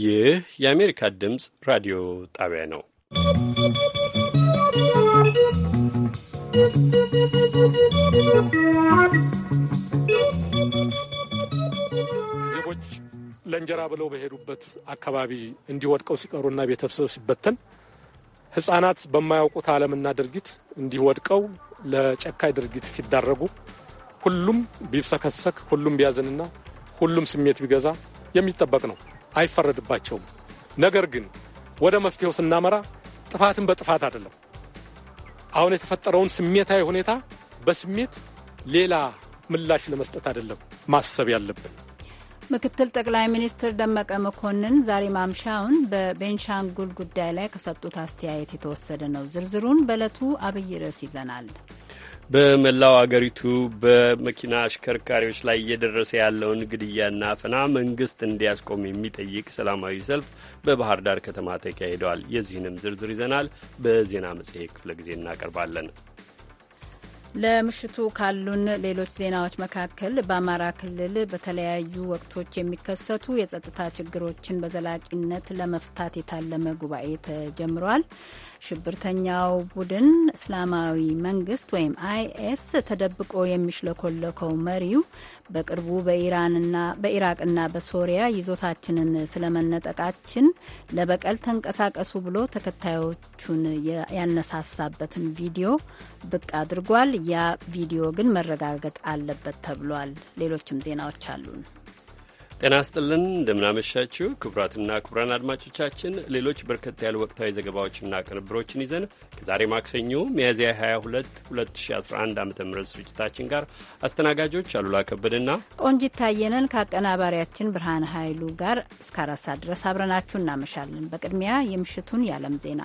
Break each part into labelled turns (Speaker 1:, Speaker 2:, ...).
Speaker 1: ይህ የአሜሪካ ድምፅ ራዲዮ ጣቢያ ነው።
Speaker 2: ዜጎች ለእንጀራ ብለው በሄዱበት አካባቢ እንዲወድቀው ሲቀሩና ቤተሰብ ሲበተን ሕጻናት በማያውቁት ዓለምና ድርጊት እንዲወድቀው ለጨካይ ድርጊት ሲዳረጉ ሁሉም ቢብሰከሰክ፣ ሁሉም ቢያዝንና ሁሉም ስሜት ቢገዛ የሚጠበቅ ነው። አይፈረድባቸውም። ነገር ግን ወደ መፍትሄው ስናመራ ጥፋትን በጥፋት አይደለም። አሁን የተፈጠረውን ስሜታዊ ሁኔታ በስሜት ሌላ ምላሽ ለመስጠት አይደለም ማሰብ ያለብን።
Speaker 3: ምክትል ጠቅላይ ሚኒስትር ደመቀ መኮንን ዛሬ ማምሻውን በቤንሻንጉል ጉዳይ ላይ ከሰጡት አስተያየት የተወሰደ ነው። ዝርዝሩን በዕለቱ አብይ ርዕስ ይዘናል።
Speaker 1: በመላው አገሪቱ በመኪና አሽከርካሪዎች ላይ እየደረሰ ያለውን ግድያና አፈና መንግስት እንዲያስቆም የሚጠይቅ ሰላማዊ ሰልፍ በባህር ዳር ከተማ ተካሂደዋል። የዚህንም ዝርዝር ይዘናል በዜና መጽሔት ክፍለ ጊዜ እናቀርባለን።
Speaker 3: ለምሽቱ ካሉን ሌሎች ዜናዎች መካከል በአማራ ክልል በተለያዩ ወቅቶች የሚከሰቱ የጸጥታ ችግሮችን በዘላቂነት ለመፍታት የታለመ ጉባኤ ተጀምሯል። ሽብርተኛው ቡድን እስላማዊ መንግስት ወይም አይኤስ ተደብቆ የሚሽለኮለከው መሪው በቅርቡ በኢራንና በኢራቅና በሶሪያ ይዞታችንን ስለመነጠቃችን ለበቀል ተንቀሳቀሱ ብሎ ተከታዮቹን ያነሳሳበትን ቪዲዮ ብቅ አድርጓል። ያ ቪዲዮ ግን መረጋገጥ አለበት ተብሏል። ሌሎችም ዜናዎች አሉን።
Speaker 1: ጤና ስጥልን እንደምናመሻችው ክቡራትና ክቡራን አድማጮቻችን ሌሎች በርከት ያሉ ወቅታዊ ዘገባዎችና ቅንብሮችን ይዘን ከዛሬ ማክሰኞ ሚያዝያ 22 2011 ዓ ም ስርጭታችን ጋር አስተናጋጆች አሉላ ከበድና
Speaker 3: ቆንጂት ታየነን ከአቀናባሪያችን ብርሃን ኃይሉ ጋር እስከ አራት ሰዓት ድረስ አብረናችሁ እናመሻለን። በቅድሚያ የምሽቱን የዓለም ዜና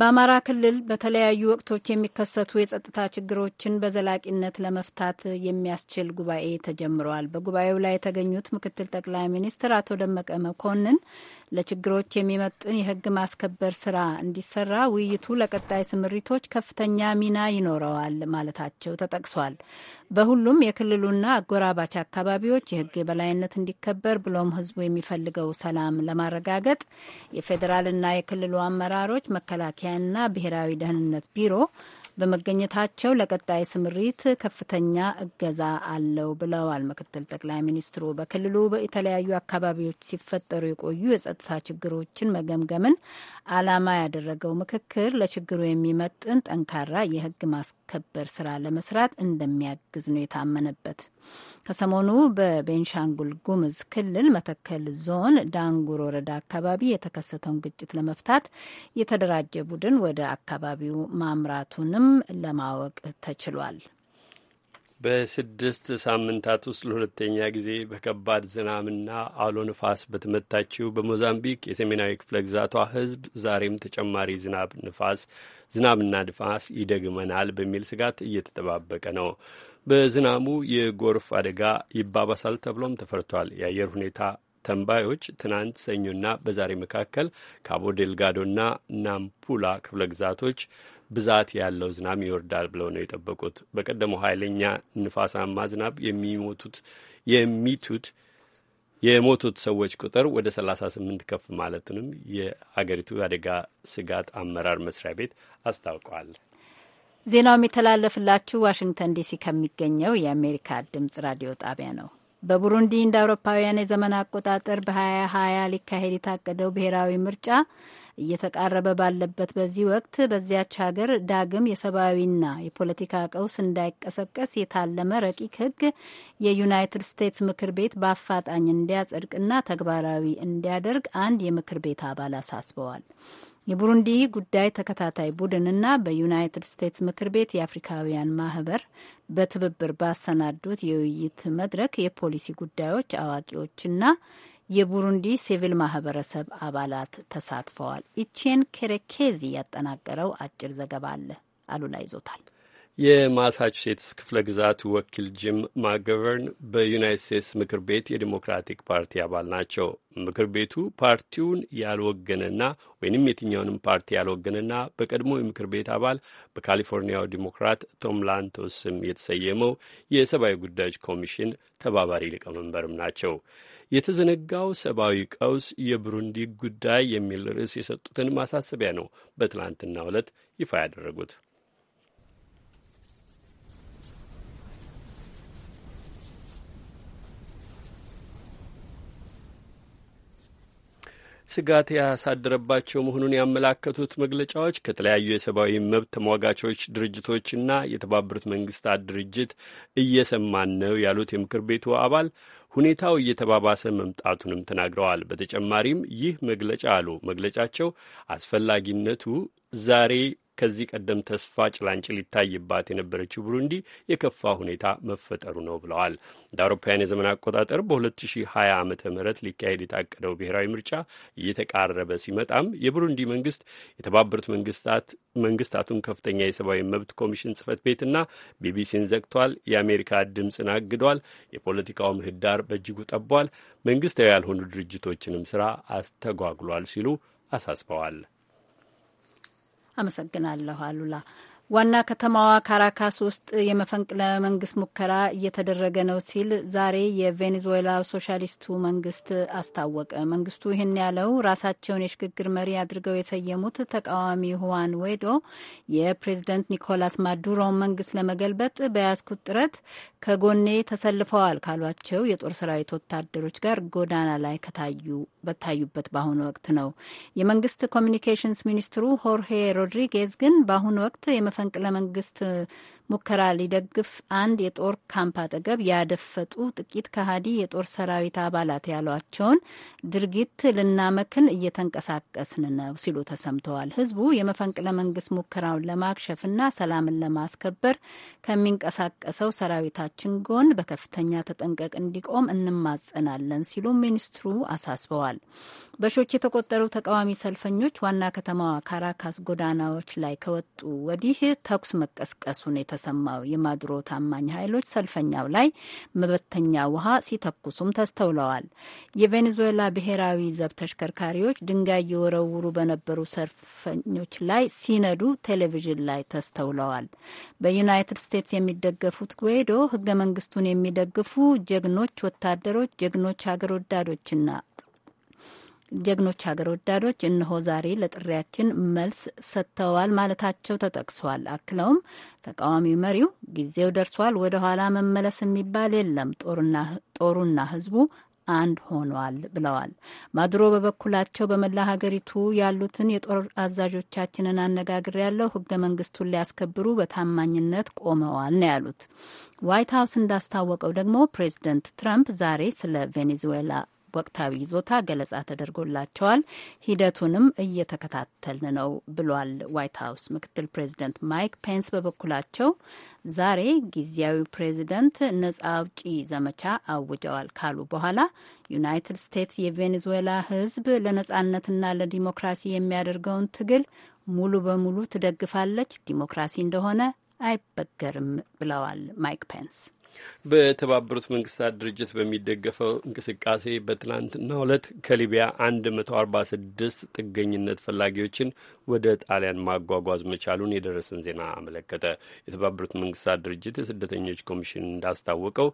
Speaker 3: በአማራ ክልል በተለያዩ ወቅቶች የሚከሰቱ የጸጥታ ችግሮችን በዘላቂነት ለመፍታት የሚያስችል ጉባኤ ተጀምረዋል። በጉባኤው ላይ የተገኙት ምክትል ጠቅላይ ሚኒስትር አቶ ደመቀ መኮንን ለችግሮች የሚመጥን የህግ ማስከበር ስራ እንዲሰራ ውይይቱ ለቀጣይ ስምሪቶች ከፍተኛ ሚና ይኖረዋል ማለታቸው ተጠቅሷል። በሁሉም የክልሉና አጎራባች አካባቢዎች የህግ የበላይነት እንዲከበር ብሎም ህዝቡ የሚፈልገው ሰላም ለማረጋገጥ የፌዴራልና የክልሉ አመራሮች መከላከያና ብሔራዊ ደህንነት ቢሮ በመገኘታቸው ለቀጣይ ስምሪት ከፍተኛ እገዛ አለው ብለዋል ምክትል ጠቅላይ ሚኒስትሩ። በክልሉ የተለያዩ አካባቢዎች ሲፈጠሩ የቆዩ የጸጥታ ችግሮችን መገምገምን ዓላማ ያደረገው ምክክር ለችግሩ የሚመጥን ጠንካራ የሕግ ማስከበር ስራ ለመስራት እንደሚያግዝ ነው የታመነበት። ከሰሞኑ በቤንሻንጉል ጉምዝ ክልል መተከል ዞን ዳንጉር ወረዳ አካባቢ የተከሰተውን ግጭት ለመፍታት የተደራጀ ቡድን ወደ አካባቢው ማምራቱንም ለማወቅ ተችሏል።
Speaker 1: በስድስት ሳምንታት ውስጥ ለሁለተኛ ጊዜ በከባድ ዝናብና አውሎ ንፋስ በተመታችው በሞዛምቢክ የሰሜናዊ ክፍለ ግዛቷ ሕዝብ ዛሬም ተጨማሪ ዝናብ ንፋስ ዝናብና ንፋስ ይደግመናል በሚል ስጋት እየተጠባበቀ ነው። በዝናሙ የጎርፍ አደጋ ይባባሳል ተብሎም ተፈርቷል። የአየር ሁኔታ ተንባዮች ትናንት ሰኞና በዛሬ መካከል ካቦ ዴልጋዶና ናምፑላ ክፍለ ግዛቶች ብዛት ያለው ዝናብ ይወርዳል ብለው ነው የጠበቁት። በቀደመው ኃይለኛ ንፋሳማ ዝናብ የሚሞቱት የሚቱት የሞቱት ሰዎች ቁጥር ወደ 38 ከፍ ማለትንም የአገሪቱ አደጋ ስጋት አመራር መስሪያ ቤት አስታውቋል።
Speaker 3: ዜናው የሚተላለፍላችሁ ዋሽንግተን ዲሲ ከሚገኘው የአሜሪካ ድምጽ ራዲዮ ጣቢያ ነው። በቡሩንዲ እንደ አውሮፓውያን የዘመን አቆጣጠር በ2020 ሊካሄድ የታቀደው ብሔራዊ ምርጫ እየተቃረበ ባለበት በዚህ ወቅት በዚያች ሀገር ዳግም የሰብአዊና የፖለቲካ ቀውስ እንዳይቀሰቀስ የታለመ ረቂቅ ሕግ የዩናይትድ ስቴትስ ምክር ቤት በአፋጣኝ እንዲያጸድቅና ተግባራዊ እንዲያደርግ አንድ የምክር ቤት አባል አሳስበዋል። የቡሩንዲ ጉዳይ ተከታታይ ቡድንና በዩናይትድ ስቴትስ ምክር ቤት የአፍሪካውያን ማህበር በትብብር ባሰናዱት የውይይት መድረክ የፖሊሲ ጉዳዮች አዋቂዎችና የቡሩንዲ ሲቪል ማህበረሰብ አባላት ተሳትፈዋል። ኢቼን ኬሬኬዚ ያጠናቀረው አጭር ዘገባ አለ፣ አሉላ ይዞታል።
Speaker 1: የማሳቹሴትስ ክፍለ ግዛት ወኪል ጂም ማገቨርን በዩናይት ስቴትስ ምክር ቤት የዲሞክራቲክ ፓርቲ አባል ናቸው። ምክር ቤቱ ፓርቲውን ያልወገነና ወይንም የትኛውንም ፓርቲ ያልወገነና በቀድሞ የምክር ቤት አባል በካሊፎርኒያው ዲሞክራት ቶም ላንቶስ ስም የተሰየመው የሰብአዊ ጉዳዮች ኮሚሽን ተባባሪ ሊቀመንበርም ናቸው። የተዘነጋው ሰብአዊ ቀውስ የብሩንዲ ጉዳይ የሚል ርዕስ የሰጡትን ማሳሰቢያ ነው በትናንትናው ዕለት ይፋ ያደረጉት። ስጋት ያሳደረባቸው መሆኑን ያመላከቱት መግለጫዎች ከተለያዩ የሰብአዊ መብት ተሟጋቾች ድርጅቶችና የተባበሩት መንግስታት ድርጅት እየሰማን ነው ያሉት የምክር ቤቱ አባል ሁኔታው እየተባባሰ መምጣቱንም ተናግረዋል። በተጨማሪም ይህ መግለጫ አሉ መግለጫቸው አስፈላጊነቱ ዛሬ ከዚህ ቀደም ተስፋ ጭላንጭል ይታይባት የነበረችው ብሩንዲ የከፋ ሁኔታ መፈጠሩ ነው ብለዋል። እንደ አውሮፓውያን የዘመን አቆጣጠር በ2020 ዓ ም ሊካሄድ የታቀደው ብሔራዊ ምርጫ እየተቃረበ ሲመጣም የብሩንዲ መንግስት የተባበሩት መንግስታቱን ከፍተኛ የሰብአዊ መብት ኮሚሽን ጽህፈት ቤትና ቢቢሲን ዘግቷል። የአሜሪካ ድምፅን አግዷል። የፖለቲካው ምህዳር በእጅጉ ጠቧል። መንግስታዊ ያልሆኑ ድርጅቶችንም ስራ አስተጓጉሏል ሲሉ አሳስበዋል።
Speaker 3: አመሰግናለሁ አሉላ። ዋና ከተማዋ ካራካስ ውስጥ የመፈንቅለ መንግስት ሙከራ እየተደረገ ነው ሲል ዛሬ የቬኔዙዌላ ሶሻሊስቱ መንግስት አስታወቀ። መንግስቱ ይህን ያለው ራሳቸውን የሽግግር መሪ አድርገው የሰየሙት ተቃዋሚ ሁዋን ዌዶ የፕሬዝደንት ኒኮላስ ማዱሮን መንግስት ለመገልበጥ በያዝኩት ጥረት ከጎኔ ተሰልፈዋል ካሏቸው የጦር ሰራዊት ወታደሮች ጋር ጎዳና ላይ ከታዩ በታዩበት በአሁኑ ወቅት ነው። የመንግስት ኮሚኒኬሽንስ ሚኒስትሩ ሆርሄ ሮድሪጌዝ ግን በአሁኑ ወቅት መፈንቅለ መንግስት ሙከራ ሊደግፍ አንድ የጦር ካምፕ አጠገብ ያደፈጡ ጥቂት ከሃዲ የጦር ሰራዊት አባላት ያሏቸውን ድርጊት ልናመክን እየተንቀሳቀስን ነው ሲሉ ተሰምተዋል። ህዝቡ የመፈንቅለ መንግስት ሙከራውን ለማክሸፍና ሰላምን ለማስከበር ከሚንቀሳቀሰው ሰራዊታችን ጎን በከፍተኛ ተጠንቀቅ እንዲቆም እንማጸናለን ሲሉ ሚኒስትሩ አሳስበዋል። በሺዎች የተቆጠሩ ተቃዋሚ ሰልፈኞች ዋና ከተማዋ ካራካስ ጎዳናዎች ላይ ከወጡ ወዲህ ተኩስ መቀስቀሱን የተሰማው የማድሮ ታማኝ ኃይሎች ሰልፈኛው ላይ መበተኛ ውሃ ሲተኩሱም ተስተውለዋል። የቬኔዙዌላ ብሔራዊ ዘብ ተሽከርካሪዎች ድንጋይ የወረውሩ በነበሩ ሰልፈኞች ላይ ሲነዱ ቴሌቪዥን ላይ ተስተውለዋል። በዩናይትድ ስቴትስ የሚደገፉት ጉዌዶ ህገ መንግስቱን የሚደግፉ ጀግኖች ወታደሮች፣ ጀግኖች ሀገር ወዳዶችና ጀግኖች ሀገር ወዳዶች እነሆ ዛሬ ለጥሪያችን መልስ ሰጥተዋል ማለታቸው ተጠቅሷል። አክለውም ተቃዋሚ መሪው ጊዜው ደርሷል፣ ወደ ኋላ መመለስ የሚባል የለም፣ ጦሩና ህዝቡ አንድ ሆኗል ብለዋል። ማድሮ በበኩላቸው በመላ ሀገሪቱ ያሉትን የጦር አዛዦቻችንን አነጋግር ያለው ህገ መንግስቱን ሊያስከብሩ በታማኝነት ቆመዋል ነው ያሉት። ዋይት ሀውስ እንዳስታወቀው ደግሞ ፕሬዚደንት ትራምፕ ዛሬ ስለ ቬኔዙዌላ ወቅታዊ ይዞታ ገለጻ ተደርጎላቸዋል። ሂደቱንም እየተከታተልን ነው ብሏል። ዋይት ሀውስ ምክትል ፕሬዚደንት ማይክ ፔንስ በበኩላቸው ዛሬ ጊዜያዊ ፕሬዚደንት ነጻ አውጪ ዘመቻ አውጀዋል ካሉ በኋላ ዩናይትድ ስቴትስ የቬኔዙዌላ ሕዝብ ለነጻነትና ለዲሞክራሲ የሚያደርገውን ትግል ሙሉ በሙሉ ትደግፋለች፣ ዲሞክራሲ እንደሆነ አይበገርም ብለዋል ማይክ ፔንስ።
Speaker 1: በተባበሩት መንግስታት ድርጅት በሚደገፈው እንቅስቃሴ በትናንትናው ዕለት ከሊቢያ 146 ጥገኝነት ፈላጊዎችን ወደ ጣሊያን ማጓጓዝ መቻሉን የደረሰን ዜና አመለከተ። የተባበሩት መንግስታት ድርጅት የስደተኞች ኮሚሽን እንዳስታወቀው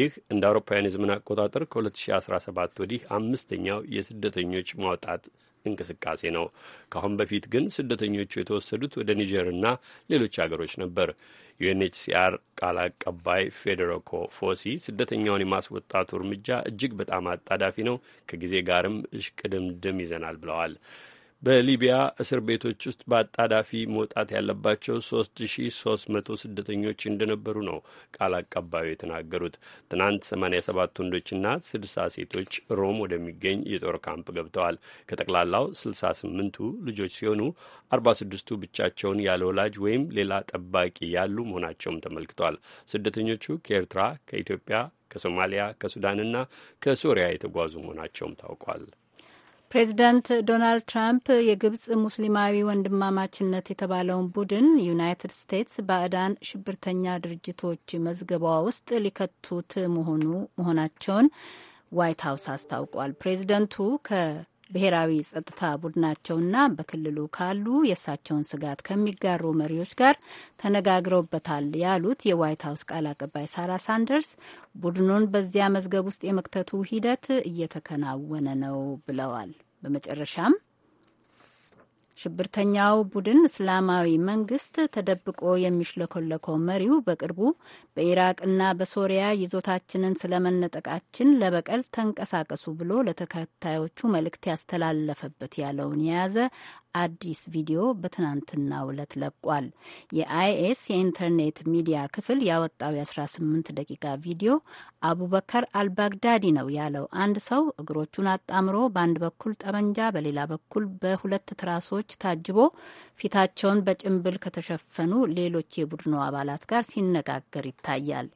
Speaker 1: ይህ እንደ አውሮፓውያን የዘመን አቆጣጠር ከ2017 ወዲህ አምስተኛው የስደተኞች ማውጣት እንቅስቃሴ ነው። ከአሁን በፊት ግን ስደተኞቹ የተወሰዱት ወደ ኒጀርና ሌሎች አገሮች ነበር። ዩኤንኤችሲአር ቃል አቀባይ ፌዴሮኮ ፎሲ ስደተኛውን የማስወጣቱ እርምጃ እጅግ በጣም አጣዳፊ ነው፣ ከጊዜ ጋርም እሽቅድምድም ይዘናል ብለዋል። በሊቢያ እስር ቤቶች ውስጥ በአጣዳፊ መውጣት ያለባቸው 3300 ስደተኞች እንደነበሩ ነው ቃል አቀባዩ የተናገሩት። ትናንት 87 ወንዶችና 60 ሴቶች ሮም ወደሚገኝ የጦር ካምፕ ገብተዋል። ከጠቅላላው 68ቱ ልጆች ሲሆኑ 46ቱ ብቻቸውን ያለ ወላጅ ወይም ሌላ ጠባቂ ያሉ መሆናቸውም ተመልክቷል። ስደተኞቹ ከኤርትራ፣ ከኢትዮጵያ፣ ከሶማሊያ፣ ከሱዳንና ከሶሪያ የተጓዙ መሆናቸውም ታውቋል።
Speaker 3: ፕሬዚዳንት ዶናልድ ትራምፕ የግብጽ ሙስሊማዊ ወንድማማችነት የተባለውን ቡድን ዩናይትድ ስቴትስ ባዕዳን ሽብርተኛ ድርጅቶች መዝገቧ ውስጥ ሊከቱት መሆኑ መሆናቸውን ዋይት ሀውስ አስታውቋል። ፕሬዚደንቱ ብሔራዊ ጸጥታ ቡድናቸውና በክልሉ ካሉ የእሳቸውን ስጋት ከሚጋሩ መሪዎች ጋር ተነጋግረውበታል ያሉት የዋይት ሀውስ ቃል አቀባይ ሳራ ሳንደርስ ቡድኑን በዚያ መዝገብ ውስጥ የመክተቱ ሂደት እየተከናወነ ነው ብለዋል። በመጨረሻም ሽብርተኛው ቡድን እስላማዊ መንግስት ተደብቆ የሚሽለኮለከው መሪው በቅርቡ በኢራቅና በሶሪያ ይዞታችንን ስለመነጠቃችን ለበቀል ተንቀሳቀሱ ብሎ ለተከታዮቹ መልእክት ያስተላለፈበት ያለውን የያዘ አዲስ ቪዲዮ በትናንትናው ዕለት ለቋል። የአይኤስ የኢንተርኔት ሚዲያ ክፍል ያወጣው የ18 ደቂቃ ቪዲዮ አቡበከር አልባግዳዲ ነው ያለው አንድ ሰው እግሮቹን አጣምሮ በአንድ በኩል ጠመንጃ በሌላ በኩል በሁለት ትራሶች ታጅቦ ፊታቸውን በጭንብል ከተሸፈኑ ሌሎች የቡድኑ አባላት ጋር ሲነጋገር ይታያል።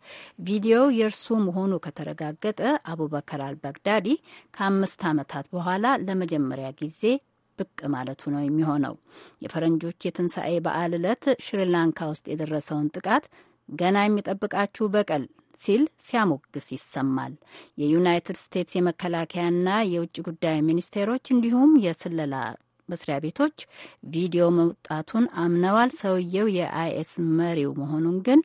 Speaker 3: ቪዲዮው የእርሱ መሆኑ ከተረጋገጠ አቡበከር አልባግዳዲ ከአምስት ዓመታት በኋላ ለመጀመሪያ ጊዜ ብቅ ማለቱ ነው የሚሆነው። የፈረንጆች የትንሣኤ በዓል ዕለት ሽሪላንካ ውስጥ የደረሰውን ጥቃት ገና የሚጠብቃችሁ በቀል ሲል ሲያሞግስ ይሰማል። የዩናይትድ ስቴትስ የመከላከያና የውጭ ጉዳይ ሚኒስቴሮች እንዲሁም የስለላ መስሪያ ቤቶች ቪዲዮ መውጣቱን አምነዋል። ሰውየው የአይኤስ መሪው መሆኑን ግን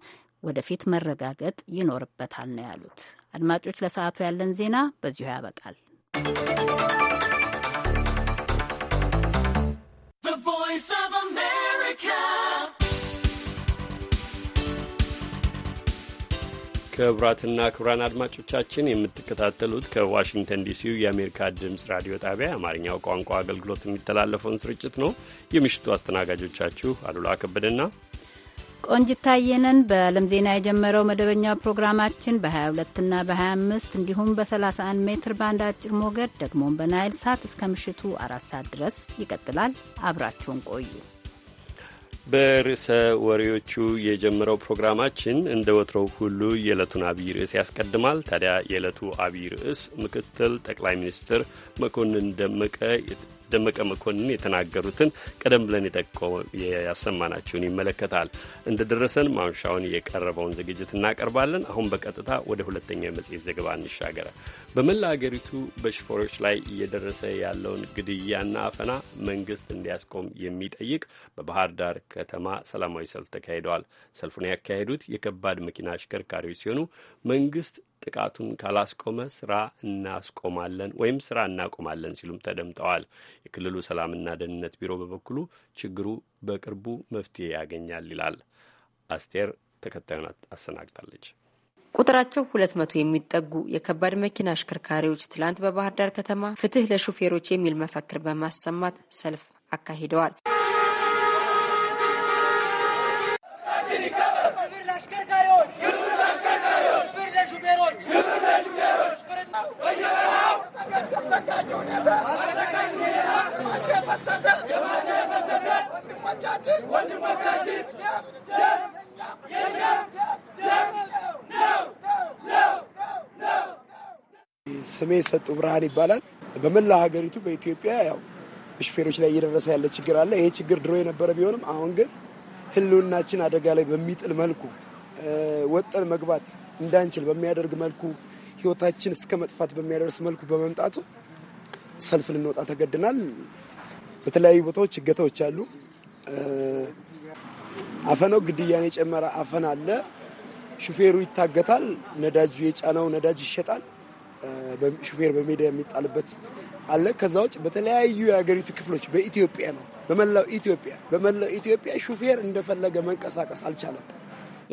Speaker 3: ወደፊት መረጋገጥ ይኖርበታል ነው ያሉት። አድማጮች፣ ለሰዓቱ ያለን ዜና በዚሁ ያበቃል።
Speaker 1: ክቡራትና ክቡራን አድማጮቻችን የምትከታተሉት ከዋሽንግተን ዲሲው የአሜሪካ ድምፅ ራዲዮ ጣቢያ የአማርኛው ቋንቋ አገልግሎት የሚተላለፈውን ስርጭት ነው። የምሽቱ አስተናጋጆቻችሁ አሉላ ከበደና
Speaker 3: ቆንጂት ታየ በዓለም ዜና የጀመረው መደበኛ ፕሮግራማችን በ22 እና በ25 እንዲሁም በ31 ሜትር ባንድ አጭር ሞገድ ደግሞም በናይል ሳት እስከ ምሽቱ አራት ሰዓት ድረስ ይቀጥላል። አብራችሁን ቆዩ።
Speaker 1: በርዕሰ ወሬዎቹ የጀመረው ፕሮግራማችን እንደ ወትሮው ሁሉ የዕለቱን አብይ ርዕስ ያስቀድማል። ታዲያ የዕለቱ አብይ ርዕስ ምክትል ጠቅላይ ሚኒስትር መኮንን ደመቀ ደመቀ መኮንን የተናገሩትን ቀደም ብለን ያሰማናችሁን ይመለከታል። እንደደረሰን ማምሻውን የቀረበውን ዝግጅት እናቀርባለን። አሁን በቀጥታ ወደ ሁለተኛው የመጽሔት ዘገባ እንሻገረ። በመላ አገሪቱ በሾፌሮች ላይ እየደረሰ ያለውን ግድያና አፈና መንግስት እንዲያስቆም የሚጠይቅ በባህር ዳር ከተማ ሰላማዊ ሰልፍ ተካሂደዋል። ሰልፉን ያካሄዱት የከባድ መኪና አሽከርካሪዎች ሲሆኑ መንግስት ጥቃቱን ካላስቆመ ስራ እናስቆማለን ወይም ስራ እናቆማለን ሲሉም ተደምጠዋል። የክልሉ ሰላምና ደህንነት ቢሮ በበኩሉ ችግሩ በቅርቡ መፍትሄ ያገኛል ይላል። አስቴር ተከታዩን አሰናግታለች።
Speaker 4: ቁጥራቸው ሁለት መቶ የሚጠጉ የከባድ መኪና አሽከርካሪዎች ትላንት በባህር ዳር ከተማ ፍትህ ለሹፌሮች የሚል መፈክር በማሰማት ሰልፍ አካሂደዋል።
Speaker 5: ስሜ ሰጡ ብርሃን ይባላል። በመላ ሀገሪቱ በኢትዮጵያ ያው በሾፌሮች ላይ እየደረሰ ያለ ችግር አለ። ይሄ ችግር ድሮ የነበረ ቢሆንም አሁን ግን ህልውናችን አደጋ ላይ በሚጥል መልኩ ወጠን መግባት እንዳንችል በሚያደርግ መልኩ ህይወታችን እስከ መጥፋት በሚያደርስ መልኩ በመምጣቱ ሰልፍ ልንወጣ ተገድናል። በተለያዩ ቦታዎች እገታዎች አሉ። አፈናው ግድያን የጨመረ አፈን አለ። ሹፌሩ ይታገታል። ነዳጁ የጫነው ነዳጅ ይሸጣል። ሹፌር በሜዳ የሚጣልበት አለ። ከዛ ውጭ በተለያዩ የሀገሪቱ ክፍሎች በኢትዮጵያ ነው፣ በመላው ኢትዮጵያ በመላው ኢትዮጵያ ሹፌር እንደፈለገ መንቀሳቀስ አልቻለም።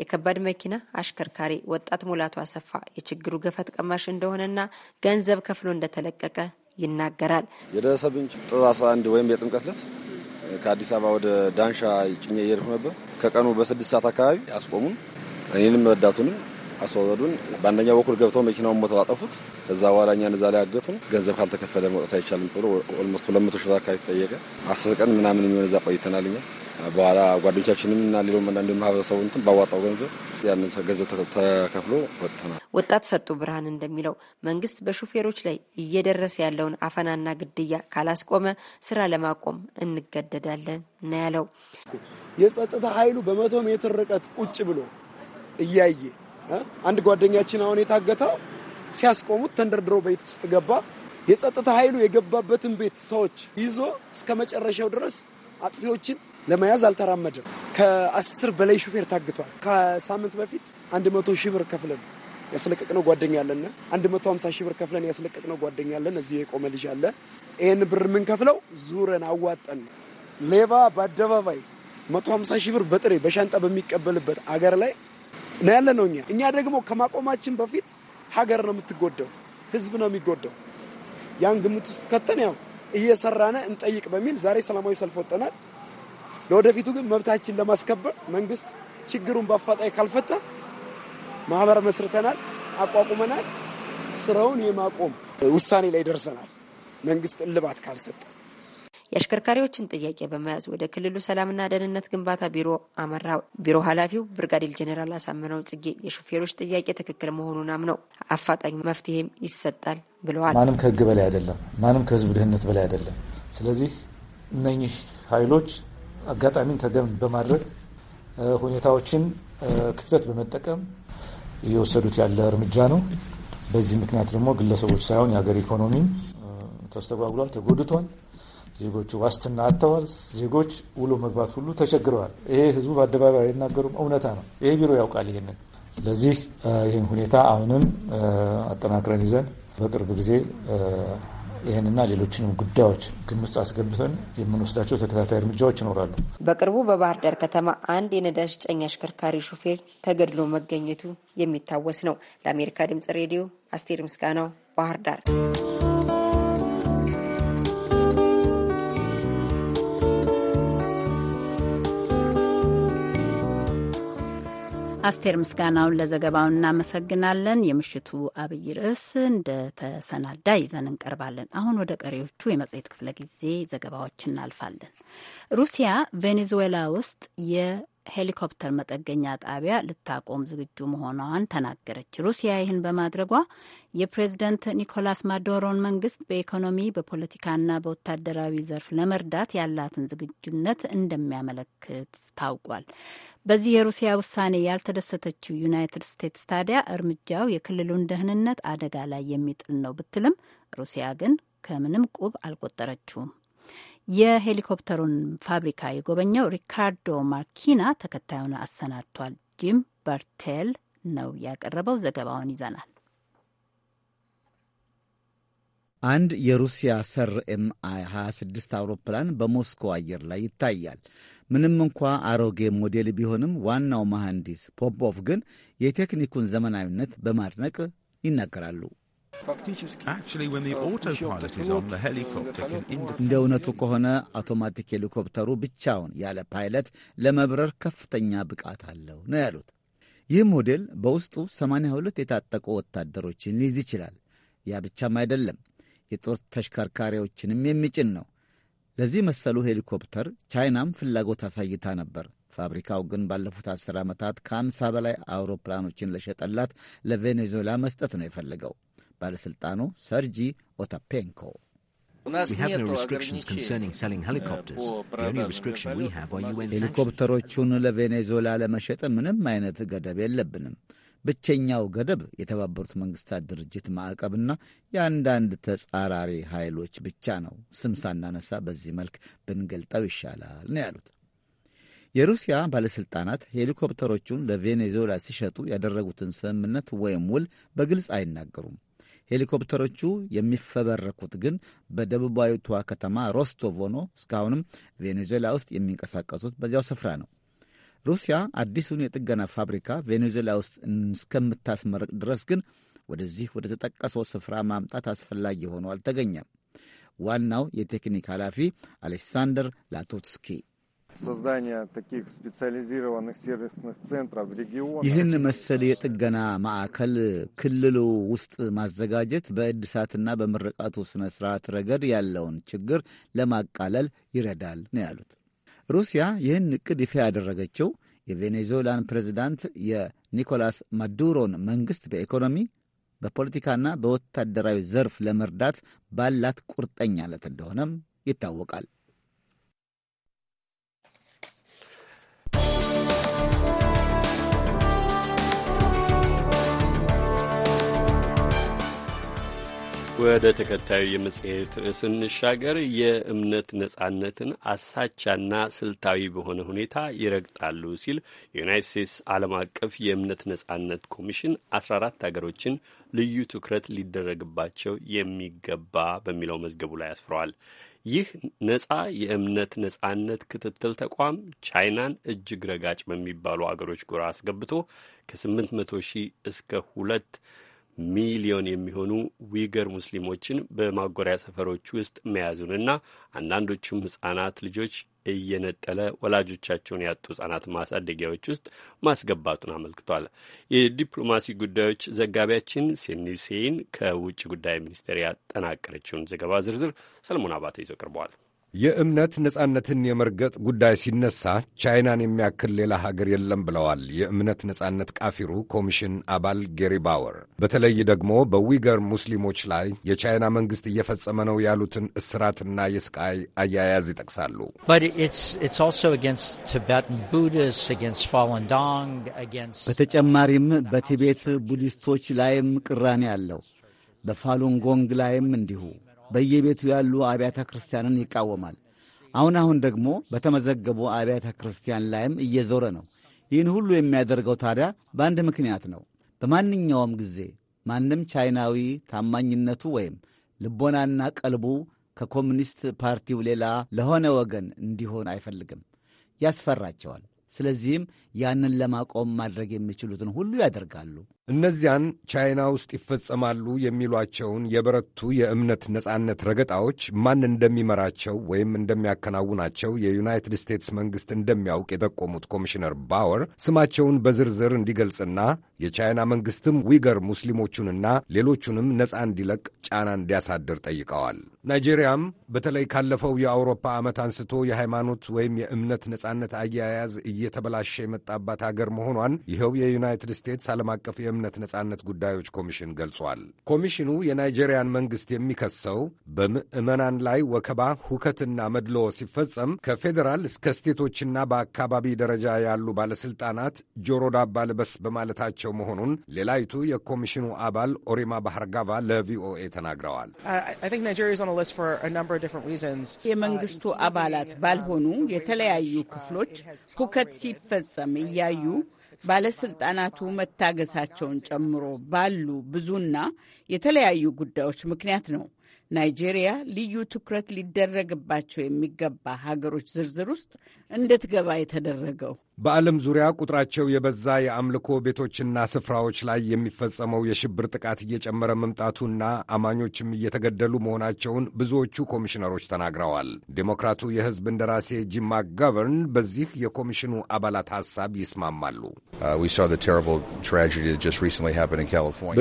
Speaker 5: የከባድ መኪና አሽከርካሪ ወጣት ሙላቱ አሰፋ የችግሩ
Speaker 4: ገፈት ቀማሽ እንደሆነና ገንዘብ ከፍሎ እንደተለቀቀ ይናገራል።
Speaker 6: የደረሰብኝ ጥር 11 ወይም የጥምቀት ዕለት ከአዲስ አበባ ወደ ዳንሻ ጭኜ እየሄድኩ ነበር። ከቀኑ በስድስት ሰዓት አካባቢ አስቆሙን። እኔንም ረዳቱንም አስወረዱን። በአንደኛ በኩል ገብተው መኪናውን ሞተው አጠፉት። ከዛ በኋላ እኛን እዛ ላይ አገቱን። ገንዘብ ካልተከፈለ መውጣት አይቻልም ብሎ ኦልሞስት ሁለት መቶ ሺህ አካባቢ ተጠየቀ። አስር ቀን ምናምን የሚሆን እዛ ቆይተናል እኛ በኋላ ጓደኞቻችንም እና ሌሎ አንዳንዱ ማህበረሰቡ እንትን ባዋጣው ገንዘብ ያንን ገንዘብ ተከፍሎ ወጥተናል።
Speaker 4: ወጣት ሰጡ ብርሃን እንደሚለው መንግስት በሹፌሮች ላይ እየደረሰ ያለውን አፈናና ግድያ ካላስቆመ ስራ ለማቆም እንገደዳለን ነው ያለው። የጸጥታ
Speaker 5: ኃይሉ በመቶ ሜትር ርቀት ቁጭ ብሎ እያየ አንድ ጓደኛችን አሁን የታገተው ሲያስቆሙት ተንደርድሮ ቤት ውስጥ ገባ። የጸጥታ ኃይሉ የገባበትን ቤት ሰዎች ይዞ እስከ መጨረሻው ድረስ አጥፊዎችን ለመያዝ አልተራመደም ከአስር በላይ ሹፌር ታግቷል። ከሳምንት በፊት አንድ መቶ ሺህ ብር ከፍለን ያስለቀቅነው ጓደኛ አለና አንድ መቶ ሀምሳ ሺህ ብር ከፍለን ያስለቀቅነው ጓደኛ አለን። እዚህ የቆመ ልጅ አለ። ይህን ብር የምንከፍለው ዙረን አዋጠን። ሌባ በአደባባይ መቶ ሀምሳ ሺህ ብር በጥሬ በሻንጣ በሚቀበልበት አገር ላይ ነው ያለ ነው። እኛ እኛ ደግሞ ከማቆማችን በፊት ሀገር ነው የምትጎዳው፣ ህዝብ ነው የሚጎዳው። ያን ግምት ውስጥ ከተን ያው እየሰራነ እንጠይቅ በሚል ዛሬ ሰላማዊ ሰልፍ ወጠናል። ለወደፊቱ ግን መብታችን ለማስከበር መንግስት ችግሩን በአፋጣኝ ካልፈታ ማህበር መስርተናል፣ አቋቁመናል። ስራውን የማቆም ውሳኔ ላይ ደርሰናል፣ መንግስት እልባት ካልሰጠ።
Speaker 4: የአሽከርካሪዎችን ጥያቄ በመያዝ ወደ ክልሉ ሰላምና ደህንነት ግንባታ ቢሮ አመራ። ቢሮ ኃላፊው ብርጋዴር ጄኔራል አሳምነው ጽጌ የሾፌሮች ጥያቄ ትክክል መሆኑን አምነው አፋጣኝ መፍትሄም ይሰጣል ብለዋል። ማንም
Speaker 2: ከህግ በላይ አይደለም፣ ማንም ከህዝብ ደህንነት በላይ አይደለም። ስለዚህ እነኚህ ኃይሎች አጋጣሚን ተገን በማድረግ ሁኔታዎችን ክፍተት በመጠቀም እየወሰዱት ያለ እርምጃ ነው። በዚህ ምክንያት ደግሞ ግለሰቦች ሳይሆን የሀገር ኢኮኖሚ ተስተጓጉሏል፣ ተጎድቷል። ዜጎቹ ዋስትና አጥተዋል። ዜጎች ውሎ መግባት ሁሉ ተቸግረዋል። ይሄ ህዝቡ በአደባባይ አይናገሩም፣ እውነታ ነው። ይሄ ቢሮ ያውቃል ይሄንን። ስለዚህ ይህን ሁኔታ አሁንም አጠናክረን ይዘን በቅርብ ጊዜ ይህንና ሌሎችንም ጉዳዮች ግምት ውስጥ አስገብተን የምንወስዳቸው ተከታታይ እርምጃዎች ይኖራሉ።
Speaker 4: በቅርቡ በባህር ዳር ከተማ አንድ የነዳጅ ጨኝ አሽከርካሪ ሹፌር ተገድሎ መገኘቱ የሚታወስ ነው። ለአሜሪካ ድምጽ ሬዲዮ አስቴር ምስጋናው ባህር ዳር
Speaker 3: አስቴር ምስጋናውን ለዘገባው እናመሰግናለን። የምሽቱ አብይ ርዕስ እንደተሰናዳ ይዘን እንቀርባለን። አሁን ወደ ቀሪዎቹ የመጽሔት ክፍለ ጊዜ ዘገባዎች እናልፋለን። ሩሲያ ቬኔዙዌላ ውስጥ ሄሊኮፕተር መጠገኛ ጣቢያ ልታቆም ዝግጁ መሆኗን ተናገረች። ሩሲያ ይህን በማድረጓ የፕሬዝደንት ኒኮላስ ማዶሮን መንግስት በኢኮኖሚ በፖለቲካና በወታደራዊ ዘርፍ ለመርዳት ያላትን ዝግጁነት እንደሚያመለክት ታውቋል። በዚህ የሩሲያ ውሳኔ ያልተደሰተችው ዩናይትድ ስቴትስ ታዲያ እርምጃው የክልሉን ደህንነት አደጋ ላይ የሚጥል ነው ብትልም ሩሲያ ግን ከምንም ቁብ አልቆጠረችውም። የሄሊኮፕተሩን ፋብሪካ የጎበኘው ሪካርዶ ማርኪና ተከታዩን አሰናድቷል። ጂም በርቴል ነው ያቀረበው። ዘገባውን ይዘናል።
Speaker 7: አንድ የሩሲያ ሰር ኤምአይ 26 አውሮፕላን በሞስኮ አየር ላይ ይታያል። ምንም እንኳ አሮጌ ሞዴል ቢሆንም ዋናው መሐንዲስ ፖፖቭ ግን የቴክኒኩን ዘመናዊነት በማድነቅ ይናገራሉ። እንደ እውነቱ ከሆነ አውቶማቲክ ሄሊኮፕተሩ ብቻውን ያለ ፓይለት ለመብረር ከፍተኛ ብቃት አለው ነው ያሉት። ይህ ሞዴል በውስጡ 82 የታጠቁ ወታደሮችን ሊይዝ ይችላል። ያ ብቻም አይደለም፣ የጦር ተሽከርካሪዎችንም የሚጭን ነው። ለዚህ መሰሉ ሄሊኮፕተር ቻይናም ፍላጎት አሳይታ ነበር። ፋብሪካው ግን ባለፉት አስር ዓመታት ከአምሳ በላይ አውሮፕላኖችን ለሸጠላት ለቬኔዙዌላ መስጠት ነው የፈለገው። ባለሥልጣኑ ሰርጂ ኦታፔንኮ ሄሊኮፕተሮቹን ለቬኔዙዌላ ለመሸጥ ምንም አይነት ገደብ የለብንም። ብቸኛው ገደብ የተባበሩት መንግስታት ድርጅት ማዕቀብና የአንዳንድ ተጻራሪ ኃይሎች ብቻ ነው። ስም ሳናነሳ በዚህ መልክ ብንገልጠው ይሻላል ነው ያሉት። የሩሲያ ባለሥልጣናት ሄሊኮፕተሮቹን ለቬኔዙዌላ ሲሸጡ ያደረጉትን ስምምነት ወይም ውል በግልጽ አይናገሩም። ሄሊኮፕተሮቹ የሚፈበረኩት ግን በደቡባዊቷ ከተማ ሮስቶቭ ሆኖ እስካሁንም ቬኔዙዌላ ውስጥ የሚንቀሳቀሱት በዚያው ስፍራ ነው። ሩሲያ አዲሱን የጥገና ፋብሪካ ቬኔዙዌላ ውስጥ እስከምታስመርቅ ድረስ ግን ወደዚህ ወደ ተጠቀሰው ስፍራ ማምጣት አስፈላጊ ሆኖ አልተገኘም። ዋናው የቴክኒክ ኃላፊ አሌክሳንደር ላቶትስኪ ይህን መሰል የጥገና ማዕከል ክልሉ ውስጥ ማዘጋጀት በእድሳትና በምርቃቱ ስነ ስርዓት ረገድ ያለውን ችግር ለማቃለል ይረዳል ነው ያሉት። ሩሲያ ይህን እቅድ ይፋ ያደረገችው የቬኔዙዌላን ፕሬዚዳንት የኒኮላስ ማዱሮን መንግሥት በኢኮኖሚ በፖለቲካና በወታደራዊ ዘርፍ ለመርዳት ባላት ቁርጠኛለት እንደሆነም ይታወቃል።
Speaker 1: ወደ ተከታዩ የመጽሔት ርዕስ እንሻገር። የእምነት ነጻነትን አሳቻና ስልታዊ በሆነ ሁኔታ ይረግጣሉ ሲል የዩናይት ስቴትስ ዓለም አቀፍ የእምነት ነጻነት ኮሚሽን አስራ አራት ሀገሮችን ልዩ ትኩረት ሊደረግባቸው የሚገባ በሚለው መዝገቡ ላይ አስፍረዋል። ይህ ነጻ የእምነት ነጻነት ክትትል ተቋም ቻይናን እጅግ ረጋጭ በሚባሉ አገሮች ጎራ አስገብቶ ከ መቶ ሺህ እስከ ሁለት ሚሊዮን የሚሆኑ ዊገር ሙስሊሞችን በማጎሪያ ሰፈሮች ውስጥ መያዙንና አንዳንዶቹም ህጻናት ልጆች እየነጠለ ወላጆቻቸውን ያጡ ህጻናት ማሳደጊያዎች ውስጥ ማስገባቱን አመልክቷል። የዲፕሎማሲ ጉዳዮች ዘጋቢያችን ሴኒሴይን ከውጭ ጉዳይ ሚኒስቴር ያጠናቀረችውን ዘገባ ዝርዝር ሰለሞን አባተ ይዞ ቀርበዋል።
Speaker 8: የእምነት ነጻነትን የመርገጥ ጉዳይ ሲነሳ ቻይናን የሚያክል ሌላ ሀገር የለም ብለዋል የእምነት ነጻነት ቃፊሩ ኮሚሽን አባል ጌሪ ባወር። በተለይ ደግሞ በዊገር ሙስሊሞች ላይ የቻይና መንግስት እየፈጸመ ነው ያሉትን እስራትና የስቃይ አያያዝ ይጠቅሳሉ።
Speaker 7: በተጨማሪም በቲቤት ቡዲስቶች ላይም ቅራኔ አለው። በፋሉንጎንግ ላይም እንዲሁ በየቤቱ ያሉ አብያተ ክርስቲያንን ይቃወማል። አሁን አሁን ደግሞ በተመዘገቡ አብያተ ክርስቲያን ላይም እየዞረ ነው። ይህን ሁሉ የሚያደርገው ታዲያ በአንድ ምክንያት ነው። በማንኛውም ጊዜ ማንም ቻይናዊ ታማኝነቱ ወይም ልቦናና ቀልቡ ከኮሚኒስት ፓርቲው ሌላ ለሆነ ወገን እንዲሆን አይፈልግም፣ ያስፈራቸዋል። ስለዚህም
Speaker 8: ያንን ለማቆም ማድረግ የሚችሉትን ሁሉ ያደርጋሉ። እነዚያን ቻይና ውስጥ ይፈጸማሉ የሚሏቸውን የበረቱ የእምነት ነጻነት ረገጣዎች ማን እንደሚመራቸው ወይም እንደሚያከናውናቸው የዩናይትድ ስቴትስ መንግሥት እንደሚያውቅ የጠቆሙት ኮሚሽነር ባወር ስማቸውን በዝርዝር እንዲገልጽና የቻይና መንግሥትም ዊገር ሙስሊሞቹንና ሌሎቹንም ነጻ እንዲለቅ ጫና እንዲያሳድር ጠይቀዋል። ናይጄሪያም በተለይ ካለፈው የአውሮፓ ዓመት አንስቶ የሃይማኖት ወይም የእምነት ነጻነት አያያዝ እየተበላሸ የመጣባት አገር መሆኗን ይኸው የዩናይትድ ስቴትስ ዓለም አቀፍ የእምነት ነጻነት ጉዳዮች ኮሚሽን ገልጿል። ኮሚሽኑ የናይጄሪያን መንግሥት የሚከሰው በምዕመናን ላይ ወከባ፣ ሁከትና መድሎ ሲፈጸም ከፌዴራል እስከ ስቴቶችና በአካባቢ ደረጃ ያሉ ባለሥልጣናት ጆሮ ዳባ ልበስ በማለታቸው መሆኑን ሌላይቱ የኮሚሽኑ አባል ኦሪማ ባህርጋቫ ለቪኦኤ ተናግረዋል።
Speaker 9: uh,
Speaker 10: የመንግስቱ uh, አባላት ባልሆኑ የተለያዩ ክፍሎች ሁከት ሲፈጸም እያዩ ባለስልጣናቱ መታገሳቸውን ጨምሮ ባሉ ብዙና የተለያዩ ጉዳዮች ምክንያት ነው ናይጄሪያ ልዩ ትኩረት ሊደረግባቸው የሚገባ ሀገሮች ዝርዝር ውስጥ እንድትገባ የተደረገው።
Speaker 8: በዓለም ዙሪያ ቁጥራቸው የበዛ የአምልኮ ቤቶችና ስፍራዎች ላይ የሚፈጸመው የሽብር ጥቃት እየጨመረ መምጣቱና አማኞችም እየተገደሉ መሆናቸውን ብዙዎቹ ኮሚሽነሮች ተናግረዋል። ዴሞክራቱ የሕዝብ እንደራሴ ጂም ማክጋቨርን በዚህ የኮሚሽኑ አባላት ሐሳብ ይስማማሉ። uh,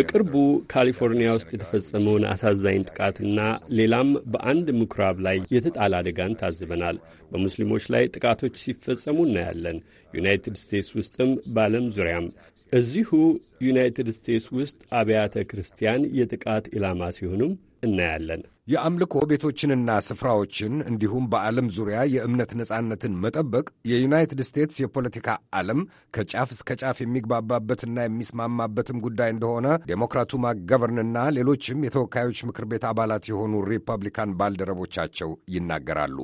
Speaker 8: በቅርቡ
Speaker 1: ካሊፎርኒያ ውስጥ የተፈጸመውን አሳዛኝ ጥቃት ጥቃትና ሌላም በአንድ ምኩራብ ላይ የተጣለ አደጋን ታዝበናል። በሙስሊሞች ላይ ጥቃቶች ሲፈጸሙ እናያለን። ዩናይትድ ስቴትስ ውስጥም በዓለም ዙሪያም እዚሁ ዩናይትድ ስቴትስ ውስጥ አብያተ ክርስቲያን
Speaker 8: የጥቃት ኢላማ ሲሆኑም እናያለን። የአምልኮ ቤቶችንና ስፍራዎችን እንዲሁም በዓለም ዙሪያ የእምነት ነጻነትን መጠበቅ የዩናይትድ ስቴትስ የፖለቲካ ዓለም ከጫፍ እስከ ጫፍ የሚግባባበትና የሚስማማበትም ጉዳይ እንደሆነ ዴሞክራቱ ማክገቨርንና ሌሎችም የተወካዮች ምክር ቤት አባላት የሆኑ ሪፐብሊካን ባልደረቦቻቸው ይናገራሉ።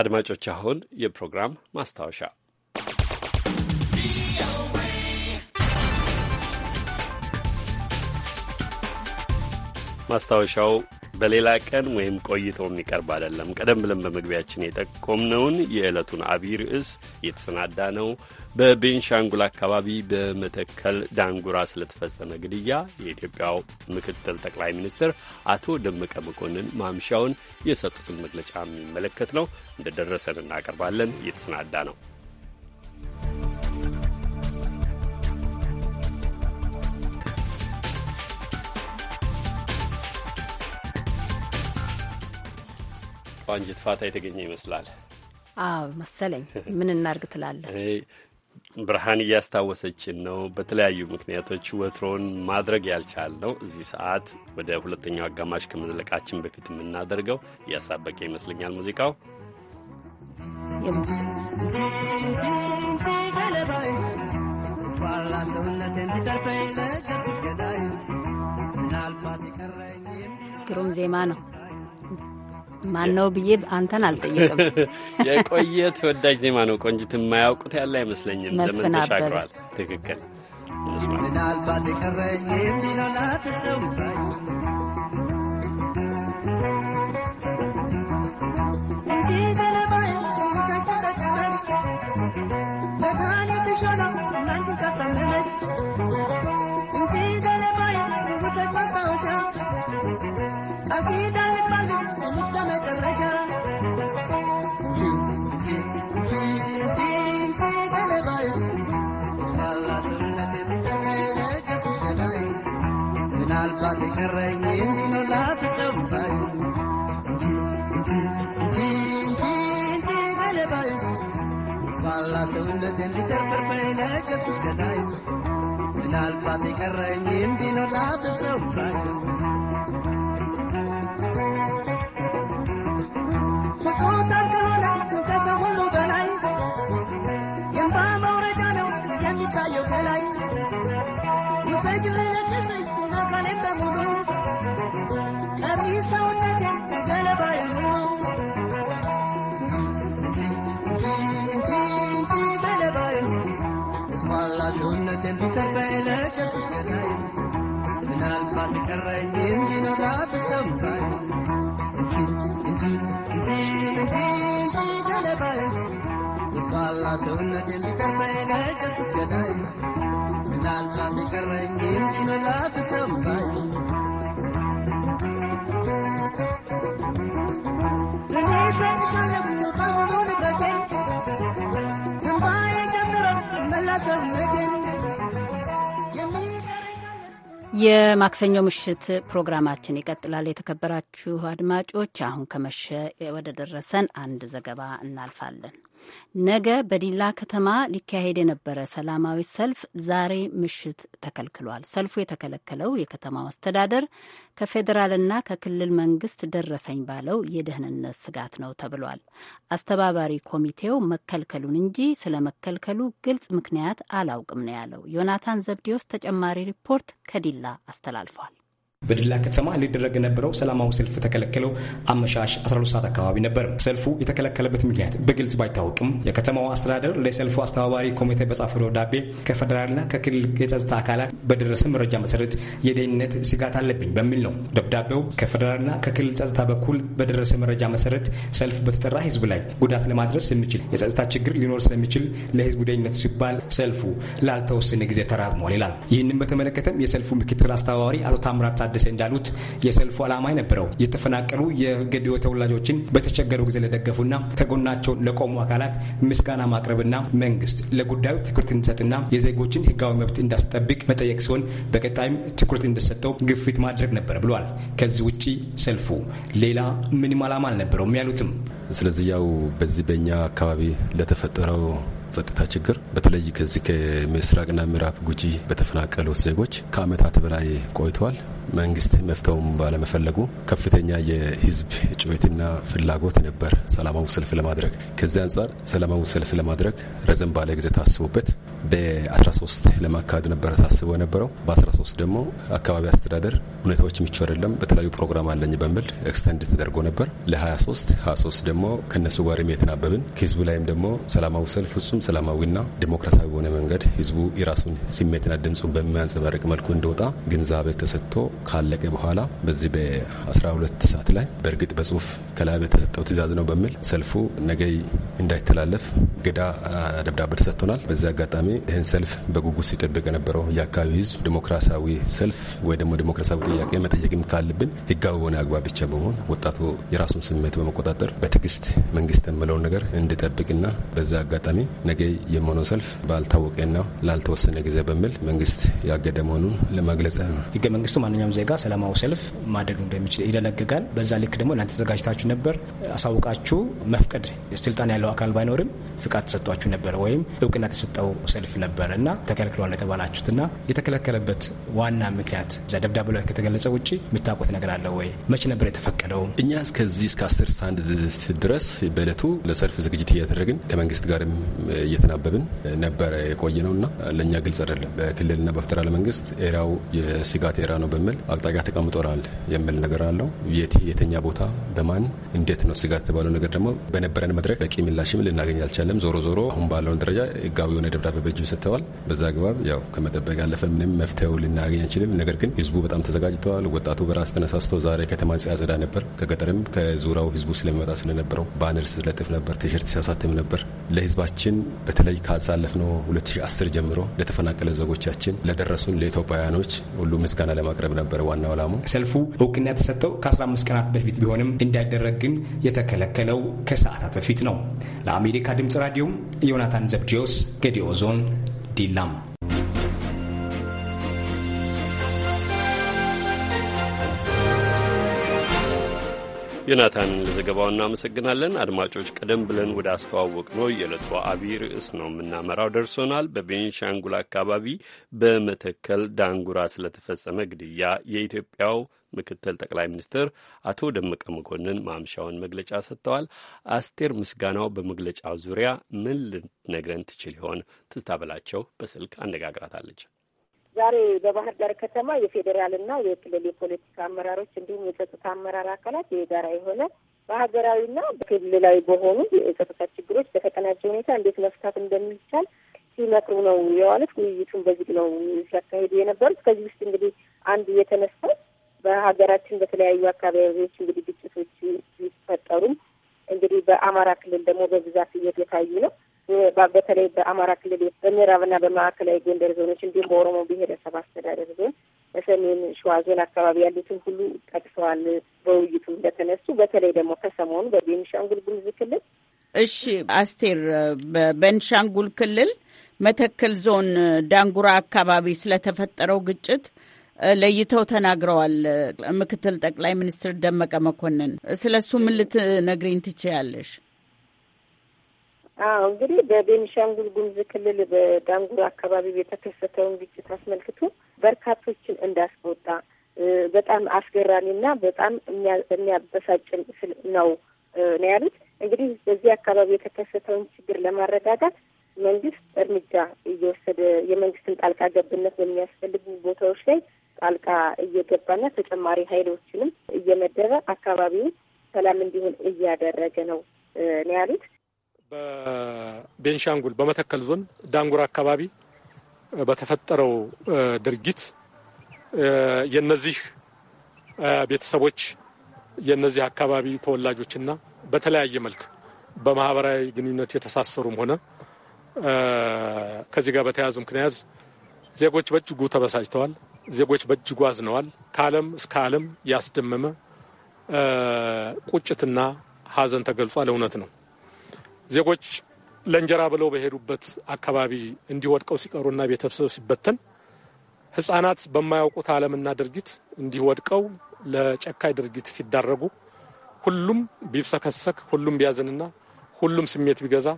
Speaker 1: አድማጮች፣ አሁን የፕሮግራም ማስታወሻ ማስታወሻው በሌላ ቀን ወይም ቆይቶም የሚቀርብ አይደለም። ቀደም ብለን በመግቢያችን የጠቆምነውን የዕለቱን አብይ ርዕስ የተሰናዳ ነው። በቤንሻንጉል አካባቢ በመተከል ዳንጉራ ስለተፈጸመ ግድያ የኢትዮጵያው ምክትል ጠቅላይ ሚኒስትር አቶ ደመቀ መኮንን ማምሻውን የሰጡትን መግለጫ የሚመለከት ነው። እንደደረሰን እናቀርባለን። የተሰናዳ ነው። አንጀት ፋታ የተገኘ ይመስላል።
Speaker 3: አዎ መሰለኝ። ምን እናርግ ትላለህ?
Speaker 1: ብርሃን እያስታወሰችን ነው። በተለያዩ ምክንያቶች ወትሮውን ማድረግ ያልቻልነው እዚህ ሰዓት ወደ ሁለተኛው አጋማሽ ከመዝለቃችን በፊት የምናደርገው እያሳበቀ ይመስለኛል ሙዚቃው
Speaker 3: ግሩም ዜማ ነው። ማን ነው ብዬ አንተን አልጠየቅም። የቆየ
Speaker 1: ተወዳጅ ዜማ ነው። ቆንጅት የማያውቁት ያለ አይመስለኝም። ዘመን ተሻግሯል። ትክክል።
Speaker 11: ምናልባት የቀረኝ ሚሎላት ሰው Thank you. ቀረኝ የሚለው ላትሰውታኝ እንጂ እንጂ እንጂ እንጂ ሰውነት እንዲተርፈርፈኝ ለገስኩስ ገዳይ ምናልባት የቀረኝ የሚለው ላትሰውታኝ ስጦታን ከሆነ ከሰው ሁሉ በላይ የእንባ መውረጃ ነው የሚታየው ከላይ ውሰጅ ለነገሰኝ I'm not going to be able to do that. ቀረኝ የሚመላ ተሰማኝ።
Speaker 3: ምሽት ፕሮግራማችን ይቀጥላል። የተከበራችሁ አድማጮች፣ አሁን ከመሸ ወደ ደረሰን አንድ ዘገባ እናልፋለን። ነገ በዲላ ከተማ ሊካሄድ የነበረ ሰላማዊ ሰልፍ ዛሬ ምሽት ተከልክሏል። ሰልፉ የተከለከለው የከተማው አስተዳደር ከፌዴራልና ከክልል መንግስት ደረሰኝ ባለው የደህንነት ስጋት ነው ተብሏል። አስተባባሪ ኮሚቴው መከልከሉን እንጂ ስለ መከልከሉ ግልጽ ምክንያት አላውቅም ነው ያለው። ዮናታን ዘብዴዎስ ተጨማሪ ሪፖርት ከዲላ አስተላልፏል።
Speaker 9: በድላ ከተማ ሊደረግ የነበረው ሰላማዊ ሰልፍ የተከለከለው አመሻሽ 12 ሰዓት አካባቢ ነበር። ሰልፉ የተከለከለበት ምክንያት በግልጽ ባይታወቅም የከተማው አስተዳደር ለሰልፉ አስተባባሪ ኮሚቴ በጻፈው ደብዳቤ ከፌዴራልና ከክልል የጸጥታ አካላት በደረሰ መረጃ መሰረት የደህንነት ስጋት አለብኝ በሚል ነው። ደብዳቤው ከፌዴራልና ከክልል ጸጥታ በኩል በደረሰ መረጃ መሰረት ሰልፍ በተጠራ ህዝብ ላይ ጉዳት ለማድረስ የሚችል የጸጥታ ችግር ሊኖር ስለሚችል ለህዝቡ ደህንነት ሲባል ሰልፉ ላልተወሰነ ጊዜ ተራዝሟል ይላል። ይህንም በተመለከተም የሰልፉ ምክትል አስተባባሪ አቶ ታምራት ታደሰ እንዳሉት የሰልፉ ዓላማ የነበረው የተፈናቀሉ የገዲዮ ተወላጆችን በተቸገሩ ጊዜ ለደገፉና ከጎናቸው ለቆሙ አካላት ምስጋና ማቅረብና መንግስት ለጉዳዩ ትኩረት እንዲሰጥና የዜጎችን ህጋዊ መብት እንዳስጠብቅ መጠየቅ ሲሆን በቀጣይም ትኩረት እንደሰጠው ግፊት ማድረግ ነበር ብሏል። ከዚህ ውጭ ሰልፉ ሌላ ምንም ዓላማ አልነበረውም ያሉትም
Speaker 6: ስለዚህ ያው በዚህ በእኛ አካባቢ ለተፈጠረው ጸጥታ ችግር በተለይ ከዚህ ከምስራቅና ምዕራብ ጉጂ በተፈናቀሉት ዜጎች ከአመታት በላይ ቆይተዋል። መንግስት መፍተውም ባለመፈለጉ ከፍተኛ የህዝብ ጩኸትና ፍላጎት ነበር ሰላማዊ ሰልፍ ለማድረግ። ከዚህ አንጻር ሰላማዊ ሰልፍ ለማድረግ ረዘም ባለ ጊዜ ታስቦበት በ13 ለማካሄድ ነበረ ታስቦ የነበረው። በ13 ደግሞ አካባቢ አስተዳደር ሁኔታዎች ምቹ አይደለም፣ በተለያዩ ፕሮግራም አለኝ በሚል ኤክስተንድ ተደርጎ ነበር ለ23 23 ደግሞ ከነሱ ጋርም የተናበብን ከህዝቡ ላይም ደግሞ ሰላማዊ ሰልፍ ፍጹም ሰላማዊና ዲሞክራሲያዊ በሆነ መንገድ ህዝቡ የራሱን ስሜትና ድምፁን በሚያንጸባርቅ መልኩ እንደወጣ ግንዛቤ ተሰጥቶ ካለቀ በኋላ በዚህ በ12 ሰዓት ላይ በእርግጥ በጽሁፍ ከላይ በተሰጠው ትእዛዝ ነው በሚል ሰልፉ ነገ እንዳይተላለፍ ገዳ ደብዳቤ ተሰጥቶናል። በዚህ አጋጣሚ ይህን ሰልፍ በጉጉት ሲጠብቅ የነበረው የአካባቢ ህዝብ ዲሞክራሲያዊ ሰልፍ ወይ ደግሞ ዲሞክራሲያዊ ጥያቄ መጠየቅም ካለብን ህጋዊ በሆነ አግባብ ብቻ በመሆን ወጣቱ የራሱን ስሜት በመቆጣጠር በትዕግስት መንግስት የምለውን ነገር እንዲጠብቅና በዚህ አጋጣሚ ነገ የመሆነው ሰልፍ ባልታወቀና ላልተወሰነ ጊዜ በሚል መንግስት ያገደ
Speaker 9: መሆኑን ለመግለጽ ነው። ህገ መንግስቱ ማንኛውም ማንኛውም ዜጋ ሰላማዊ ሰልፍ ማድረግ እንደሚችል ይደነግጋል። በዛ ልክ ደግሞ እናንተ ተዘጋጅታችሁ ነበር አሳውቃችሁ መፍቀድ ስልጣን ያለው አካል ባይኖርም ፍቃድ ተሰጥቷችሁ ነበር ወይም እውቅና ተሰጠው ሰልፍ ነበር እና ተከልክሏል የተባላችሁትና የተከለከለበት ዋና ምክንያት እዛ ደብዳቤ ላይ ከተገለጸ ውጭ የምታውቁት ነገር አለ ወይ? መቼ ነበር የተፈቀደው?
Speaker 6: እኛ እስከዚህ እስከ አስር ሳንድ ድረስ በእለቱ ለሰልፍ ዝግጅት እያደረግን ከመንግስት ጋርም እየተናበብን ነበረ የቆየ ነው እና ለእኛ ግልጽ አይደለም በክልልና በፌዴራል መንግስት ኤራው የስጋት ኤራ ነው በሚል የሚል አቅጣጫ ተቀምጦናል የሚል ነገር አለው። የት የተኛ ቦታ በማን እንዴት ነው ስጋት የተባለው ነገር ደግሞ በነበረን መድረክ በቂ ምላሽም ልናገኝ አልቻለም። ዞሮ ዞሮ አሁን ባለውን ደረጃ ህጋዊ የሆነ ደብዳቤ በእጁ ሰጥተዋል። በዛ አግባብ ያው ከመጠበቅ ያለፈ ምንም መፍትሄው ልናገኝ አንችልም። ነገር ግን ህዝቡ በጣም ተዘጋጅተዋል። ወጣቱ በራስ ተነሳስቶ ዛሬ ከተማ ሲያጸዳ ነበር። ከገጠርም ከዙሪያው ህዝቡ ስለሚመጣ ስለነበረው ባነር ስለጥፍ ነበር፣ ቲሸርት ሲያሳትም ነበር። ለህዝባችን በተለይ ካሳለፍነው 2010 ጀምሮ ለተፈናቀለ ዜጎቻችን ለደረሱን
Speaker 9: ለኢትዮጵያውያኖች ሁሉ ምስጋና ለማቅረብ ነበር ዋናው ዓላማ። ሰልፉ እውቅና የተሰጠው ከ15 ቀናት በፊት ቢሆንም እንዳይደረግ ግን የተከለከለው ከሰዓታት በፊት ነው። ለአሜሪካ ድምፅ ራዲዮ ዮናታን ዘብድዮስ ገዲኦ ዞን ዲላም
Speaker 1: ዮናታንን ለዘገባው እናመሰግናለን። አድማጮች፣ ቀደም ብለን ወደ አስተዋወቅ ነው የዕለቱ አቢ ርዕስ ነው የምናመራው ደርሶናል። በቤንሻንጉል አካባቢ በመተከል ዳንጉራ ስለተፈጸመ ግድያ የኢትዮጵያው ምክትል ጠቅላይ ሚኒስትር አቶ ደመቀ መኮንን ማምሻውን መግለጫ ሰጥተዋል። አስቴር ምስጋናው በመግለጫው ዙሪያ ምን ልትነግረን ትችል ይሆን? ትስታበላቸው በስልክ አነጋግራታለች።
Speaker 11: ዛሬ
Speaker 12: በባህር ዳር ከተማ የፌዴራልና የክልል የፖለቲካ አመራሮች እንዲሁም የጸጥታ አመራር አካላት የጋራ የሆነ በሀገራዊና በክልላዊ በሆኑ የጸጥታ ችግሮች በተቀናጀ ሁኔታ እንዴት መፍታት እንደሚቻል ሲመክሩ ነው የዋሉት። ውይይቱን በዚህ ነው ሲያካሂዱ የነበሩት። ከዚህ ውስጥ እንግዲህ አንዱ የተነሳው በሀገራችን በተለያዩ አካባቢዎች እንግዲህ ግጭቶች ሲፈጠሩም እንግዲህ በአማራ ክልል ደግሞ በብዛት እየታዩ ነው። በተለይ በአማራ ክልል በምዕራብና በማዕከላዊ ጎንደር ዞኖች እንዲሁም በኦሮሞ ብሔረሰብ አስተዳደር ዞን በሰሜን ሸዋ ዞን አካባቢ ያሉትን ሁሉ ጠቅሰዋል። በውይይቱ እንደተነሱ በተለይ ደግሞ ከሰሞኑ በቤንሻንጉል ጉሙዝ ክልል
Speaker 10: እሺ፣ አስቴር በቤንሻንጉል ክልል መተከል ዞን ዳንጉራ አካባቢ ስለተፈጠረው ግጭት ለይተው ተናግረዋል ምክትል ጠቅላይ ሚኒስትር ደመቀ መኮንን። ስለ እሱ ምን ልትነግሪኝ ትችያለሽ?
Speaker 11: አዎ
Speaker 12: እንግዲህ በቤኒሻንጉል ጉምዝ ክልል በዳንጉር አካባቢ የተከሰተውን ግጭት አስመልክቶ በርካቶችን እንዳስቆጣ በጣም አስገራሚና በጣም የሚያበሳጭም ነው ነው ያሉት። እንግዲህ በዚህ አካባቢ የተከሰተውን ችግር ለማረጋጋት መንግስት እርምጃ እየወሰደ የመንግስትን ጣልቃ ገብነት በሚያስፈልጉ ቦታዎች ላይ ጣልቃ እየገባና ተጨማሪ ኃይሎችንም እየመደበ አካባቢውን ሰላም እንዲሆን እያደረገ ነው ነው ያሉት።
Speaker 2: በቤንሻንጉል በመተከል ዞን ዳንጉር አካባቢ በተፈጠረው ድርጊት የነዚህ ቤተሰቦች የነዚህ አካባቢ ተወላጆችና በተለያየ መልክ በማህበራዊ ግንኙነት የተሳሰሩም ሆነ ከዚህ ጋር በተያያዙ ምክንያት ዜጎች በእጅጉ ተበሳጭተዋል። ዜጎች በእጅጉ አዝነዋል። ከዓለም እስከ ዓለም ያስደመመ ቁጭትና ሐዘን ተገልጿል። እውነት ነው። ዜጎች ለእንጀራ ብለው በሄዱበት አካባቢ እንዲወድቀው ሲቀሩና ቤተሰብ ሲበተን ህፃናት በማያውቁት ዓለምና ድርጊት እንዲወድቀው ለጨካይ ድርጊት ሲዳረጉ ሁሉም ቢብሰከሰክ ሁሉም ቢያዝንና ሁሉም ስሜት ቢገዛ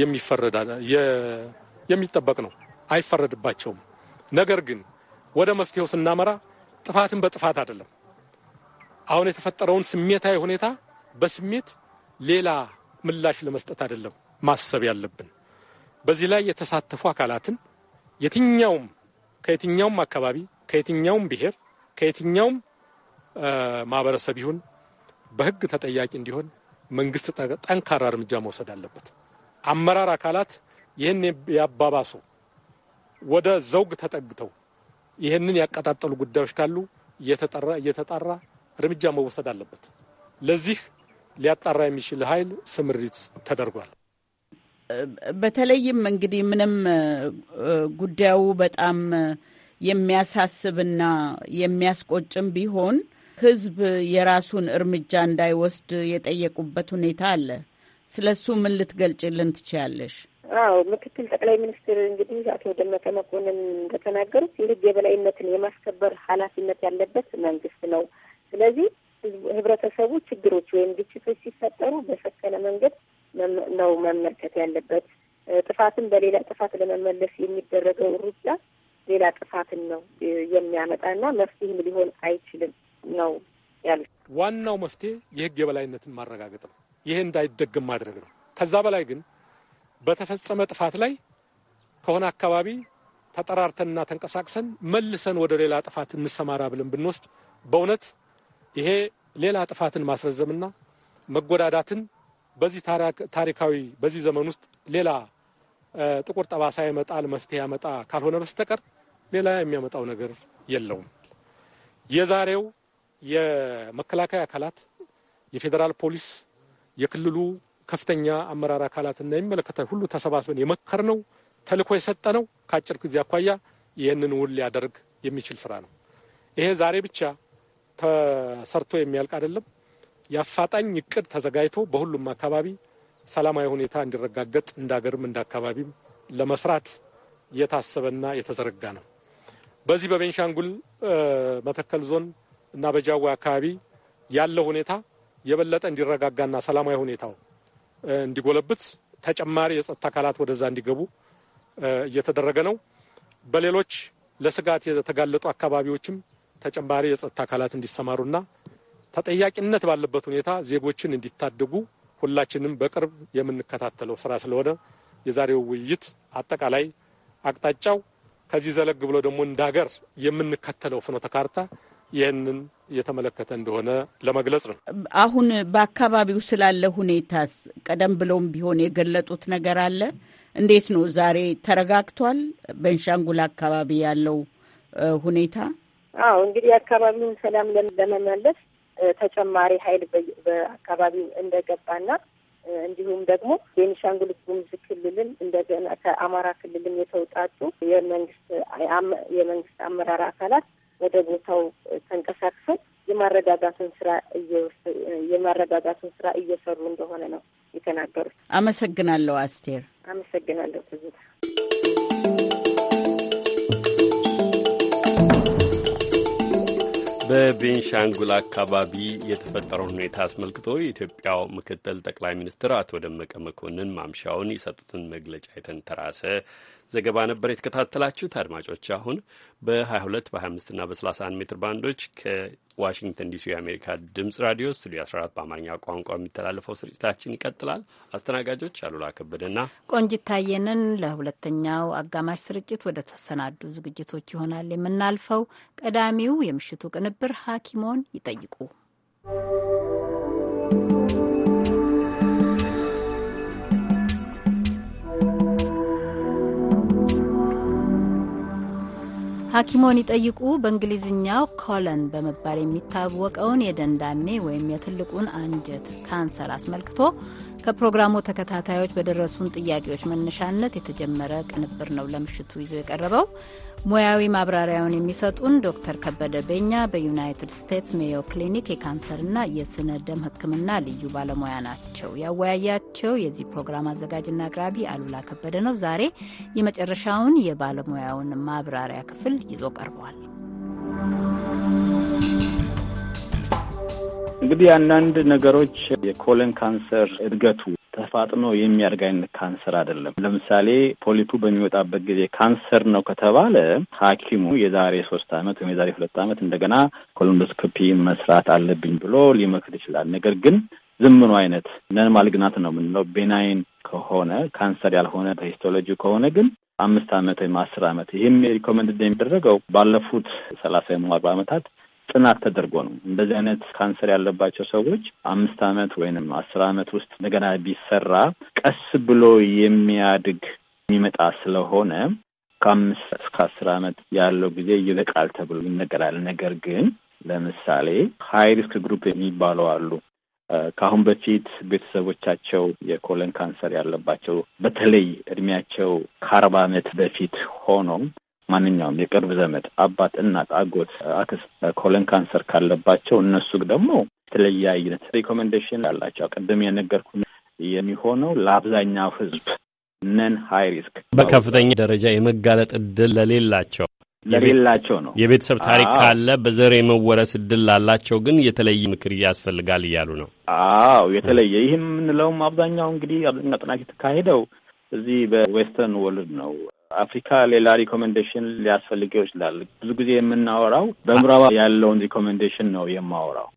Speaker 2: የሚፈረድ የሚጠበቅ ነው። አይፈረድባቸውም። ነገር ግን ወደ መፍትሄው ስናመራ ጥፋትን በጥፋት አይደለም። አሁን የተፈጠረውን ስሜታዊ ሁኔታ በስሜት ሌላ ምላሽ ለመስጠት አይደለም ማሰብ ያለብን። በዚህ ላይ የተሳተፉ አካላትን የትኛውም ከየትኛውም አካባቢ ከየትኛውም ብሔር ከየትኛውም ማህበረሰብ ይሁን በህግ ተጠያቂ እንዲሆን መንግስት ጠንካራ እርምጃ መውሰድ አለበት። አመራር አካላት ይህን ያባባሱ ወደ ዘውግ ተጠግተው ይህንን ያቀጣጠሉ ጉዳዮች ካሉ እየተጣራ እርምጃ መወሰድ አለበት። ለዚህ ሊያጣራ የሚችል ኃይል ስምሪት ተደርጓል።
Speaker 10: በተለይም እንግዲህ ምንም ጉዳዩ በጣም የሚያሳስብና የሚያስቆጭም ቢሆን ሕዝብ የራሱን እርምጃ እንዳይወስድ የጠየቁበት ሁኔታ አለ። ስለ እሱ ምን ልትገልጭልን ትችያለሽ?
Speaker 12: አዎ ምክትል ጠቅላይ ሚኒስትር እንግዲህ አቶ ደመቀ መኮንን እንደተናገሩት የህግ የበላይነትን የማስከበር ኃላፊነት ያለበት መንግስት ነው። ስለዚህ ህብረተሰቡ ችግሮች ወይም ግጭቶች ሲፈጠሩ በሰከነ መንገድ ነው መመልከት ያለበት። ጥፋትን በሌላ ጥፋት ለመመለስ የሚደረገው እርምጃ ሌላ ጥፋትን ነው የሚያመጣና መፍትሄም ሊሆን አይችልም ነው
Speaker 2: ያሉት። ዋናው መፍትሄ የህግ የበላይነትን ማረጋገጥ ነው። ይሄ እንዳይደግም ማድረግ ነው። ከዛ በላይ ግን በተፈጸመ ጥፋት ላይ ከሆነ አካባቢ ተጠራርተንና ተንቀሳቅሰን መልሰን ወደ ሌላ ጥፋት እንሰማራ ብለን ብንወስድ በእውነት ይሄ ሌላ ጥፋትን ማስረዘምና መጎዳዳትን በዚህ ታሪካዊ በዚህ ዘመን ውስጥ ሌላ ጥቁር ጠባሳ ያመጣል መፍትሄ ያመጣ ካልሆነ በስተቀር ሌላ የሚያመጣው ነገር የለውም። የዛሬው የመከላከያ አካላት፣ የፌዴራል ፖሊስ፣ የክልሉ ከፍተኛ አመራር አካላትና የሚመለከተ ሁሉ ተሰባስበን የመከር ነው ተልእኮ የሰጠ ነው። ከአጭር ጊዜ አኳያ ይህንን ውል ሊያደርግ የሚችል ስራ ነው። ይሄ ዛሬ ብቻ ተሰርቶ የሚያልቅ አይደለም። የአፋጣኝ እቅድ ተዘጋጅቶ በሁሉም አካባቢ ሰላማዊ ሁኔታ እንዲረጋገጥ እንዳገርም አካባቢም ለመስራት የታሰበና የተዘረጋ ነው። በዚህ በቤንሻንጉል መተከል ዞን እና በጃዌ አካባቢ ያለው ሁኔታ የበለጠ እንዲረጋጋና ሰላማዊ ሁኔታው እንዲጎለብት ተጨማሪ የጸጥታ አካላት ወደዛ እንዲገቡ እየተደረገ ነው። በሌሎች ለስጋት የተጋለጡ አካባቢዎችም ተጨማሪ የጸጥታ አካላት እንዲሰማሩና ተጠያቂነት ባለበት ሁኔታ ዜጎችን እንዲታደጉ ሁላችንም በቅርብ የምንከታተለው ስራ ስለሆነ የዛሬው ውይይት አጠቃላይ አቅጣጫው ከዚህ ዘለግ ብሎ ደግሞ እንዳገር የምንከተለው ፍኖተ ካርታ ይህንን እየተመለከተ እንደሆነ ለመግለጽ ነው።
Speaker 10: አሁን በአካባቢው ስላለ ሁኔታስ ቀደም ብሎም ቢሆን የገለጡት ነገር አለ? እንዴት ነው ዛሬ ተረጋግቷል? በንሻንጉል አካባቢ ያለው ሁኔታ
Speaker 12: አዎ እንግዲህ የአካባቢውን ሰላም ለመመለስ ተጨማሪ ኃይል በአካባቢው እንደገባና እንዲሁም ደግሞ ቤኒሻንጉል ጉሙዝ ክልልን እንደገና ከአማራ ክልልም የተውጣጡ የመንግስት የመንግስት አመራር አካላት ወደ ቦታው ተንቀሳቅሰው የማረጋጋቱን ስራ የማረጋጋቱን ስራ እየሰሩ እንደሆነ ነው የተናገሩት።
Speaker 10: አመሰግናለሁ አስቴር።
Speaker 12: አመሰግናለሁ ትዝታ።
Speaker 1: በቤንሻንጉል አካባቢ የተፈጠረውን ሁኔታ አስመልክቶ የኢትዮጵያው ምክትል ጠቅላይ ሚኒስትር አቶ ደመቀ መኮንን ማምሻውን የሰጡትን መግለጫ የተንተራሰ ዘገባ ነበር የተከታተላችሁት። አድማጮች አሁን በ22 በ25 እና በ31 ሜትር ባንዶች ከዋሽንግተን ዲሲ የአሜሪካ ድምጽ ራዲዮ ስቱዲዮ 14 በአማርኛ ቋንቋ የሚተላለፈው ስርጭታችን ይቀጥላል። አስተናጋጆች አሉላ ከበደና
Speaker 3: ቆንጅት ታየንን ለሁለተኛው አጋማሽ ስርጭት ወደ ተሰናዱ ዝግጅቶች ይሆናል የምናልፈው። ቀዳሚው የምሽቱ ቅንብር ሐኪሞን ይጠይቁ ሐኪሞን ይጠይቁ በእንግሊዝኛው ኮለን በመባል የሚታወቀውን የደንዳኔ ወይም የትልቁን አንጀት ካንሰር አስመልክቶ ከፕሮግራሙ ተከታታዮች በደረሱን ጥያቄዎች መነሻነት የተጀመረ ቅንብር ነው ለምሽቱ ይዞ የቀረበው። ሙያዊ ማብራሪያውን የሚሰጡን ዶክተር ከበደ ቤኛ በዩናይትድ ስቴትስ ሜዮ ክሊኒክ የካንሰርና የስነ ደም ሕክምና ልዩ ባለሙያ ናቸው። ያወያያቸው የዚህ ፕሮግራም አዘጋጅና አቅራቢ አሉላ ከበደ ነው። ዛሬ የመጨረሻውን የባለሙያውን ማብራሪያ ክፍል ይዞ ቀርቧል።
Speaker 13: እንግዲህ አንዳንድ ነገሮች የኮለን ካንሰር እድገቱ ተፋጥኖ የሚያድግ አይነት ካንሰር አይደለም። ለምሳሌ ፖሊፑ በሚወጣበት ጊዜ ካንሰር ነው ከተባለ ሐኪሙ የዛሬ ሶስት አመት ወይም የዛሬ ሁለት አመት እንደገና ኮሎንዶስኮፒ መስራት አለብኝ ብሎ ሊመክር ይችላል። ነገር ግን ዝምኑ አይነት ነን ማልግናት ነው የምንለው ቤናይን ከሆነ ካንሰር ያልሆነ በሂስቶሎጂ ከሆነ ግን አምስት አመት ወይም አስር አመት ይህም ሪኮመንድ የሚደረገው ባለፉት ሰላሳ ወይም አርባ አመታት ጥናት ተደርጎ ነው። እንደዚህ አይነት ካንሰር ያለባቸው ሰዎች አምስት ዓመት ወይንም አስር ዓመት ውስጥ እንደገና ቢሰራ ቀስ ብሎ የሚያድግ የሚመጣ ስለሆነ ከአምስት እስከ አስር ዓመት ያለው ጊዜ ይበቃል ተብሎ ይነገራል። ነገር ግን ለምሳሌ ሀይ ሪስክ ግሩፕ የሚባሉ አሉ። ከአሁን በፊት ቤተሰቦቻቸው የኮለን ካንሰር ያለባቸው በተለይ እድሜያቸው ከአርባ ዓመት በፊት ሆኖ ማንኛውም የቅርብ ዘመድ አባት፣ እናት፣ አጎት፣ አክስት ኮለን ካንሰር ካለባቸው እነሱ ደግሞ የተለየ አይነት ሪኮመንዴሽን ያላቸው ቅድም የነገርኩ የሚሆነው ለአብዛኛው ህዝብ
Speaker 1: ነን ሀይ ሪስክ በከፍተኛ ደረጃ የመጋለጥ እድል ለሌላቸው ለሌላቸው ነው። የቤተሰብ ታሪክ ካለ በዘር የመወረስ እድል ላላቸው ግን የተለየ ምክር ያስፈልጋል እያሉ ነው። አዎ የተለየ ይህም
Speaker 13: የምንለውም አብዛኛው እንግዲህ አብዛኛው ጥናት የተካሄደው እዚህ በዌስተርን ወርልድ ነው አፍሪካ ሌላ ሪኮሜንዴሽን ሊያስፈልገው ይችላል። ብዙ ጊዜ የምናወራው በምዕራባ ያለውን ሪኮሜንዴሽን ነው የማወራው።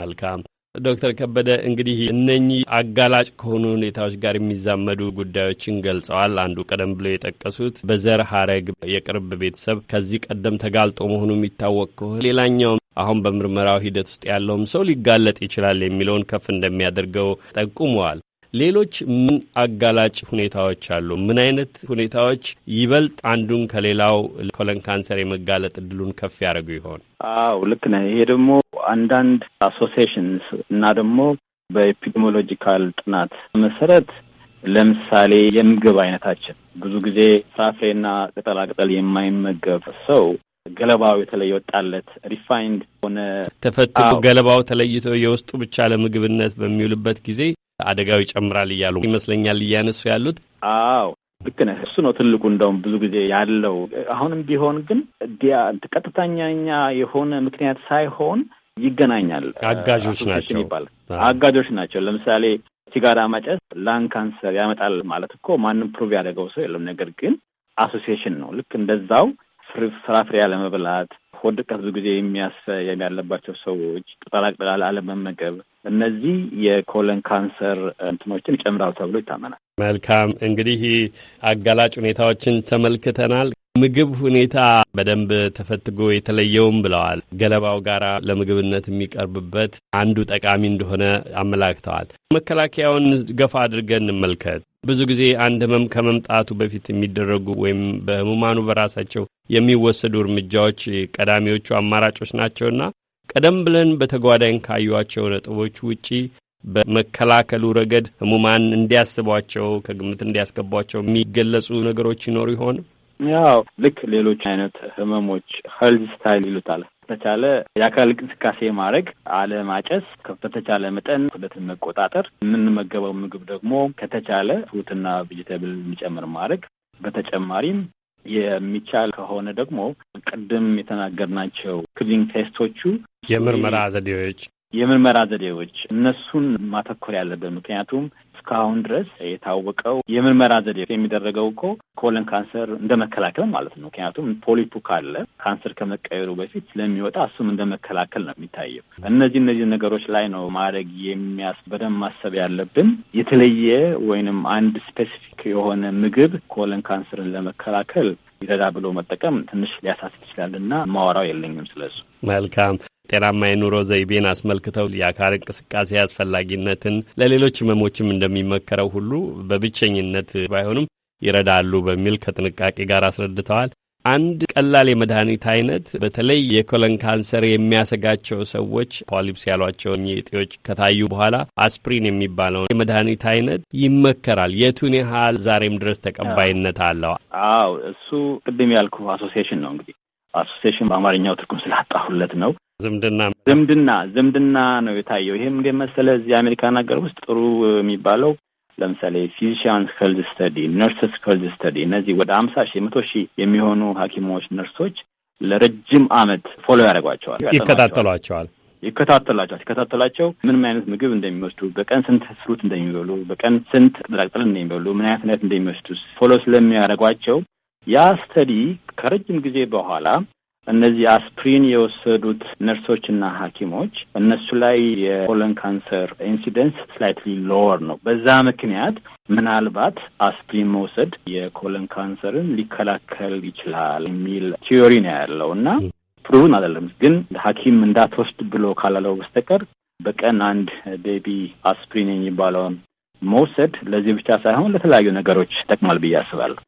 Speaker 1: መልካም ዶክተር ከበደ እንግዲህ እነኚህ አጋላጭ ከሆኑ ሁኔታዎች ጋር የሚዛመዱ ጉዳዮችን ገልጸዋል። አንዱ ቀደም ብሎ የጠቀሱት በዘር ሀረግ የቅርብ ቤተሰብ ከዚህ ቀደም ተጋልጦ መሆኑ የሚታወቅ ከሆነ ሌላኛውም አሁን በምርመራው ሂደት ውስጥ ያለውም ሰው ሊጋለጥ ይችላል የሚለውን ከፍ እንደሚያደርገው ጠቁመዋል። ሌሎች ምን አጋላጭ ሁኔታዎች አሉ? ምን አይነት ሁኔታዎች ይበልጥ አንዱን ከሌላው ኮለን ካንሰር የመጋለጥ እድሉን ከፍ ያደርጉ ይሆን?
Speaker 13: አዎ ልክ ነህ። ይሄ ደግሞ አንዳንድ አሶሲሽንስ እና ደግሞ በኤፒዲሞሎጂካል ጥናት መሰረት ለምሳሌ የምግብ አይነታችን ብዙ ጊዜ ፍራፍሬና ቅጠላቅጠል የማይመገብ ሰው ገለባው የተለየ ወጣለት ሪፋይንድ ሆነ ተፈትጎ
Speaker 1: ገለባው ተለይቶ የውስጡ ብቻ ለምግብነት በሚውልበት ጊዜ አደጋው ይጨምራል እያሉ ይመስለኛል እያነሱ ያሉት።
Speaker 13: አዎ ልክ ነህ። እሱ ነው ትልቁ እንደውም ብዙ ጊዜ ያለው አሁንም ቢሆን ግን ዲያ ቀጥተኛኛ የሆነ ምክንያት ሳይሆን ይገናኛል። አጋዦች ናቸው ይባል፣ አጋዦች ናቸው። ለምሳሌ ሲጋራ ማጨስ ላንግ ካንሰር ያመጣል ማለት እኮ ማንም ፕሩቭ ያደረገው ሰው የለም። ነገር ግን አሶሲሽን ነው። ልክ እንደዛው ፍራፍሬ ያለመብላት፣ ሆድ ብዙ ጊዜ የሚያሰም ያለባቸው ሰዎች ቅጠላቅጠላል አለመመገብ እነዚህ የኮለን ካንሰር እንትኖችን ይጨምራሉ ተብሎ ይታመናል።
Speaker 1: መልካም እንግዲህ አጋላጭ ሁኔታዎችን ተመልክተናል። ምግብ ሁኔታ በደንብ ተፈትጎ የተለየውም ብለዋል። ገለባው ጋራ ለምግብነት የሚቀርብበት አንዱ ጠቃሚ እንደሆነ አመላክተዋል። መከላከያውን ገፋ አድርገን እንመልከት። ብዙ ጊዜ አንድ ህመም ከመምጣቱ በፊት የሚደረጉ ወይም በህሙማኑ በራሳቸው የሚወሰዱ እርምጃዎች ቀዳሚዎቹ አማራጮች ናቸውና ቀደም ብለን በተጓዳኝ ካዩቸው ነጥቦች ውጪ በመከላከሉ ረገድ ህሙማን እንዲያስቧቸው ከግምት እንዲያስገቧቸው የሚገለጹ ነገሮች ይኖሩ ይሆን?
Speaker 13: ያው ልክ ሌሎች አይነት ህመሞች ሄልዝ ስታይል ይሉታል በተቻለ የአካል እንቅስቃሴ ማድረግ፣ አለማጨስ፣ በተቻለ መጠን ክብደትን መቆጣጠር፣ የምንመገበው ምግብ ደግሞ ከተቻለ ፍሩትና ቬጀተብል የሚጨምር ማድረግ በተጨማሪም የሚቻል ከሆነ ደግሞ ቅድም የተናገርናቸው ክሊኒክ ቴስቶቹ የምርመራ ዘዴዎች የምርመራ ዘዴዎች እነሱን ማተኮር ያለበት ምክንያቱም እስካሁን ድረስ የታወቀው የምርመራ ዘዴ የሚደረገው እኮ ኮለን ካንሰር እንደ መከላከል ማለት ነው። ምክንያቱም ፖሊፑ ካለ ካንሰር ከመቀየሩ በፊት ስለሚወጣ እሱም እንደ መከላከል ነው የሚታየው። እነዚህ እነዚህ ነገሮች ላይ ነው ማድረግ የሚያስ በደንብ ማሰብ ያለብን። የተለየ ወይንም አንድ ስፔሲፊክ የሆነ ምግብ ኮለን ካንሰርን ለመከላከል ይረዳ ብሎ መጠቀም ትንሽ ሊያሳስብ ይችላል እና
Speaker 1: ማወራው የለኝም ስለሱ። መልካም ጤናማ የኑሮ ዘይቤን አስመልክተው የአካል እንቅስቃሴ አስፈላጊነትን ለሌሎች ህመሞችም እንደሚመከረው ሁሉ በብቸኝነት ባይሆንም ይረዳሉ በሚል ከጥንቃቄ ጋር አስረድተዋል። አንድ ቀላል የመድኃኒት አይነት በተለይ የኮለን ካንሰር የሚያሰጋቸው ሰዎች ፖሊፕስ ያሏቸው የጤዎች ከታዩ በኋላ አስፕሪን የሚባለውን የመድኃኒት አይነት ይመከራል። የቱን ያህል ዛሬም ድረስ ተቀባይነት አለው?
Speaker 13: አዎ እሱ ቅድም ያልኩ አሶሲሽን ነው እንግዲህ አሶሲሽን በአማርኛው ትርጉም ስላጣሁለት ነው። ዝምድና ዝምድና ዝምድና ነው የታየው። ይህም እንደ መሰለ እዚህ አሜሪካን ሀገር ውስጥ ጥሩ የሚባለው ለምሳሌ ፊዚሽያንስ ከልድ ስተዲ፣ ነርስስ ከልድ ስተዲ እነዚህ ወደ አምሳ ሺህ መቶ ሺህ የሚሆኑ ሐኪሞች ነርሶች ለረጅም አመት ፎሎ ያደርጓቸዋል፣ ይከታተሏቸዋል ይከታተላቸዋል ሲከታተላቸው ምንም አይነት ምግብ እንደሚወስዱ በቀን ስንት ፍሩት እንደሚበሉ በቀን ስንት ቅጠላቅጠል እንደሚበሉ ምን አይነት ነት እንደሚወስዱ ፎሎ ስለሚያደርጓቸው ያ ስተዲ ከረጅም ጊዜ በኋላ እነዚህ አስፕሪን የወሰዱት ነርሶችና ሐኪሞች እነሱ ላይ የኮለን ካንሰር ኢንሲደንስ ስላይትሊ ሎወር ነው። በዛ ምክንያት ምናልባት አስፕሪን መውሰድ የኮለን ካንሰርን ሊከላከል ይችላል የሚል ቲዮሪ ነው ያለው እና ፕሩቭን አይደለም ግን ሐኪም እንዳትወስድ ብሎ ካላለው በስተቀር በቀን አንድ ቤቢ አስፕሪን የሚባለውን መውሰድ ለዚህ ብቻ ሳይሆን ለተለያዩ ነገሮች ይጠቅማል
Speaker 1: ብዬ አስባለሁ።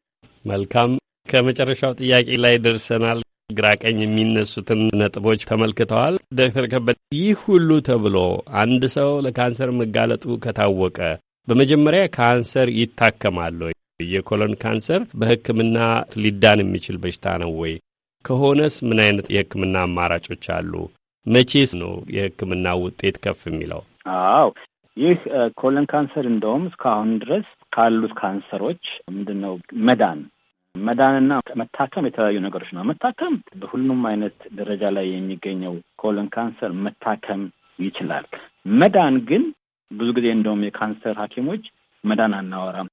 Speaker 1: መልካም፣ ከመጨረሻው ጥያቄ ላይ ደርሰናል። ግራቀኝ የሚነሱትን ነጥቦች ተመልክተዋል። ዶክተር ከበደ ይህ ሁሉ ተብሎ አንድ ሰው ለካንሰር መጋለጡ ከታወቀ በመጀመሪያ ካንሰር ይታከማል ወይ? የኮሎን ካንሰር በሕክምና ሊዳን የሚችል በሽታ ነው ወይ? ከሆነስ ምን አይነት የሕክምና አማራጮች አሉ? መቼስ ነው የሕክምና ውጤት ከፍ የሚለው?
Speaker 13: አዎ ይህ ኮሎን ካንሰር እንደውም እስካሁን ድረስ ካሉት ካንሰሮች ምንድን ነው መዳን መዳንና መታከም የተለያዩ ነገሮች ነው። መታከም በሁሉም አይነት ደረጃ ላይ የሚገኘው ኮሎን ካንሰር መታከም ይችላል። መዳን ግን ብዙ ጊዜ እንደውም የካንሰር ሐኪሞች መዳን አናወራም፣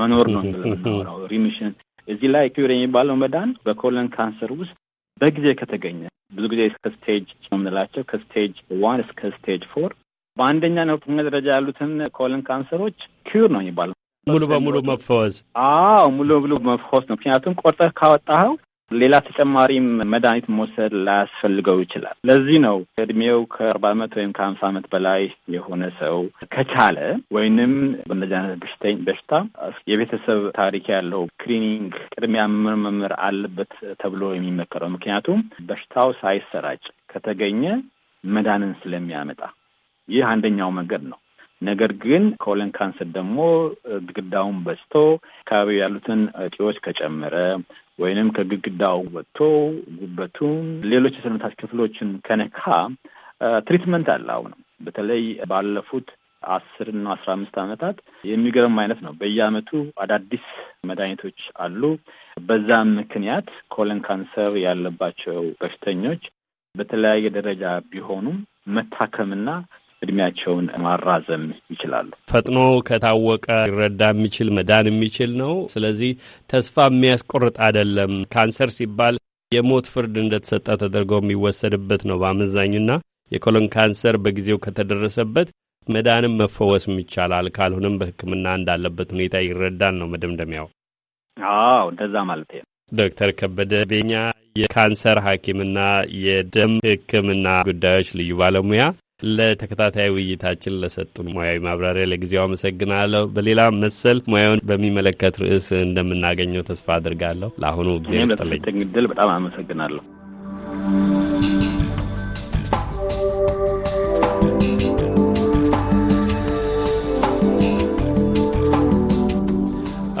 Speaker 13: መኖር ነው
Speaker 11: የምናወራው፣
Speaker 13: ሪሚሽን። እዚህ ላይ ኪውር የሚባለው መዳን በኮሎን ካንሰር ውስጥ በጊዜ ከተገኘ ብዙ ጊዜ ከስቴጅ የምንላቸው ከስቴጅ ዋን እስከ ስቴጅ ፎር በአንደኛ እና ደረጃ ያሉትን ኮሎን ካንሰሮች ኪውር ነው የሚባለው
Speaker 1: ሙሉ በሙሉ መፈወስ።
Speaker 13: አዎ ሙሉ በሙሉ መፈወስ ነው። ምክንያቱም ቆርጠህ ካወጣኸው ሌላ ተጨማሪም መድኃኒት መውሰድ ላያስፈልገው ይችላል። ለዚህ ነው እድሜው ከአርባ አመት ወይም ከሀምሳ አመት በላይ የሆነ ሰው ከቻለ ወይንም በእነዚህ አይነት በሽተኝ በሽታ የቤተሰብ ታሪክ ያለው ስክሪኒንግ ቅድሚያ መመርመር አለበት ተብሎ የሚመከረው ምክንያቱም በሽታው ሳይሰራጭ ከተገኘ መዳንን ስለሚያመጣ ይህ አንደኛው መንገድ ነው። ነገር ግን ኮለን ካንሰር ደግሞ ግድግዳውን በስቶ አካባቢ ያሉትን እጢዎች ከጨመረ ወይንም ከግድግዳው ወጥቶ ጉበቱን፣ ሌሎች የሰውነታች ክፍሎችን ከነካ ትሪትመንት አለ። አሁን በተለይ ባለፉት አስር እና አስራ አምስት ዓመታት የሚገርም አይነት ነው። በየአመቱ አዳዲስ መድኃኒቶች አሉ። በዛም ምክንያት ኮለን ካንሰር ያለባቸው በሽተኞች በተለያየ ደረጃ ቢሆኑም መታከምና እድሜያቸውን ማራዘም
Speaker 1: ይችላሉ። ፈጥኖ ከታወቀ ሊረዳ የሚችል መዳን የሚችል ነው። ስለዚህ ተስፋ የሚያስቆርጥ አይደለም። ካንሰር ሲባል የሞት ፍርድ እንደተሰጠ ተደርጎ የሚወሰድበት ነው በአመዛኙና የኮሎን ካንሰር በጊዜው ከተደረሰበት መዳንም መፈወስም ይቻላል። ካልሆነም በሕክምና እንዳለበት ሁኔታ ይረዳል ነው መደምደሚያው።
Speaker 13: አዎ እንደዛ ማለት ነው።
Speaker 1: ዶክተር ከበደ ቤኛ የካንሰር ሐኪምና የደም ሕክምና ጉዳዮች ልዩ ባለሙያ ለተከታታይ ውይይታችን ለሰጡን ሙያዊ ማብራሪያ ለጊዜው አመሰግናለሁ። በሌላ መሰል ሙያውን በሚመለከት ርዕስ እንደምናገኘው ተስፋ አድርጋለሁ። ለአሁኑ ጊዜ ስጠለኝ በጣም አመሰግናለሁ።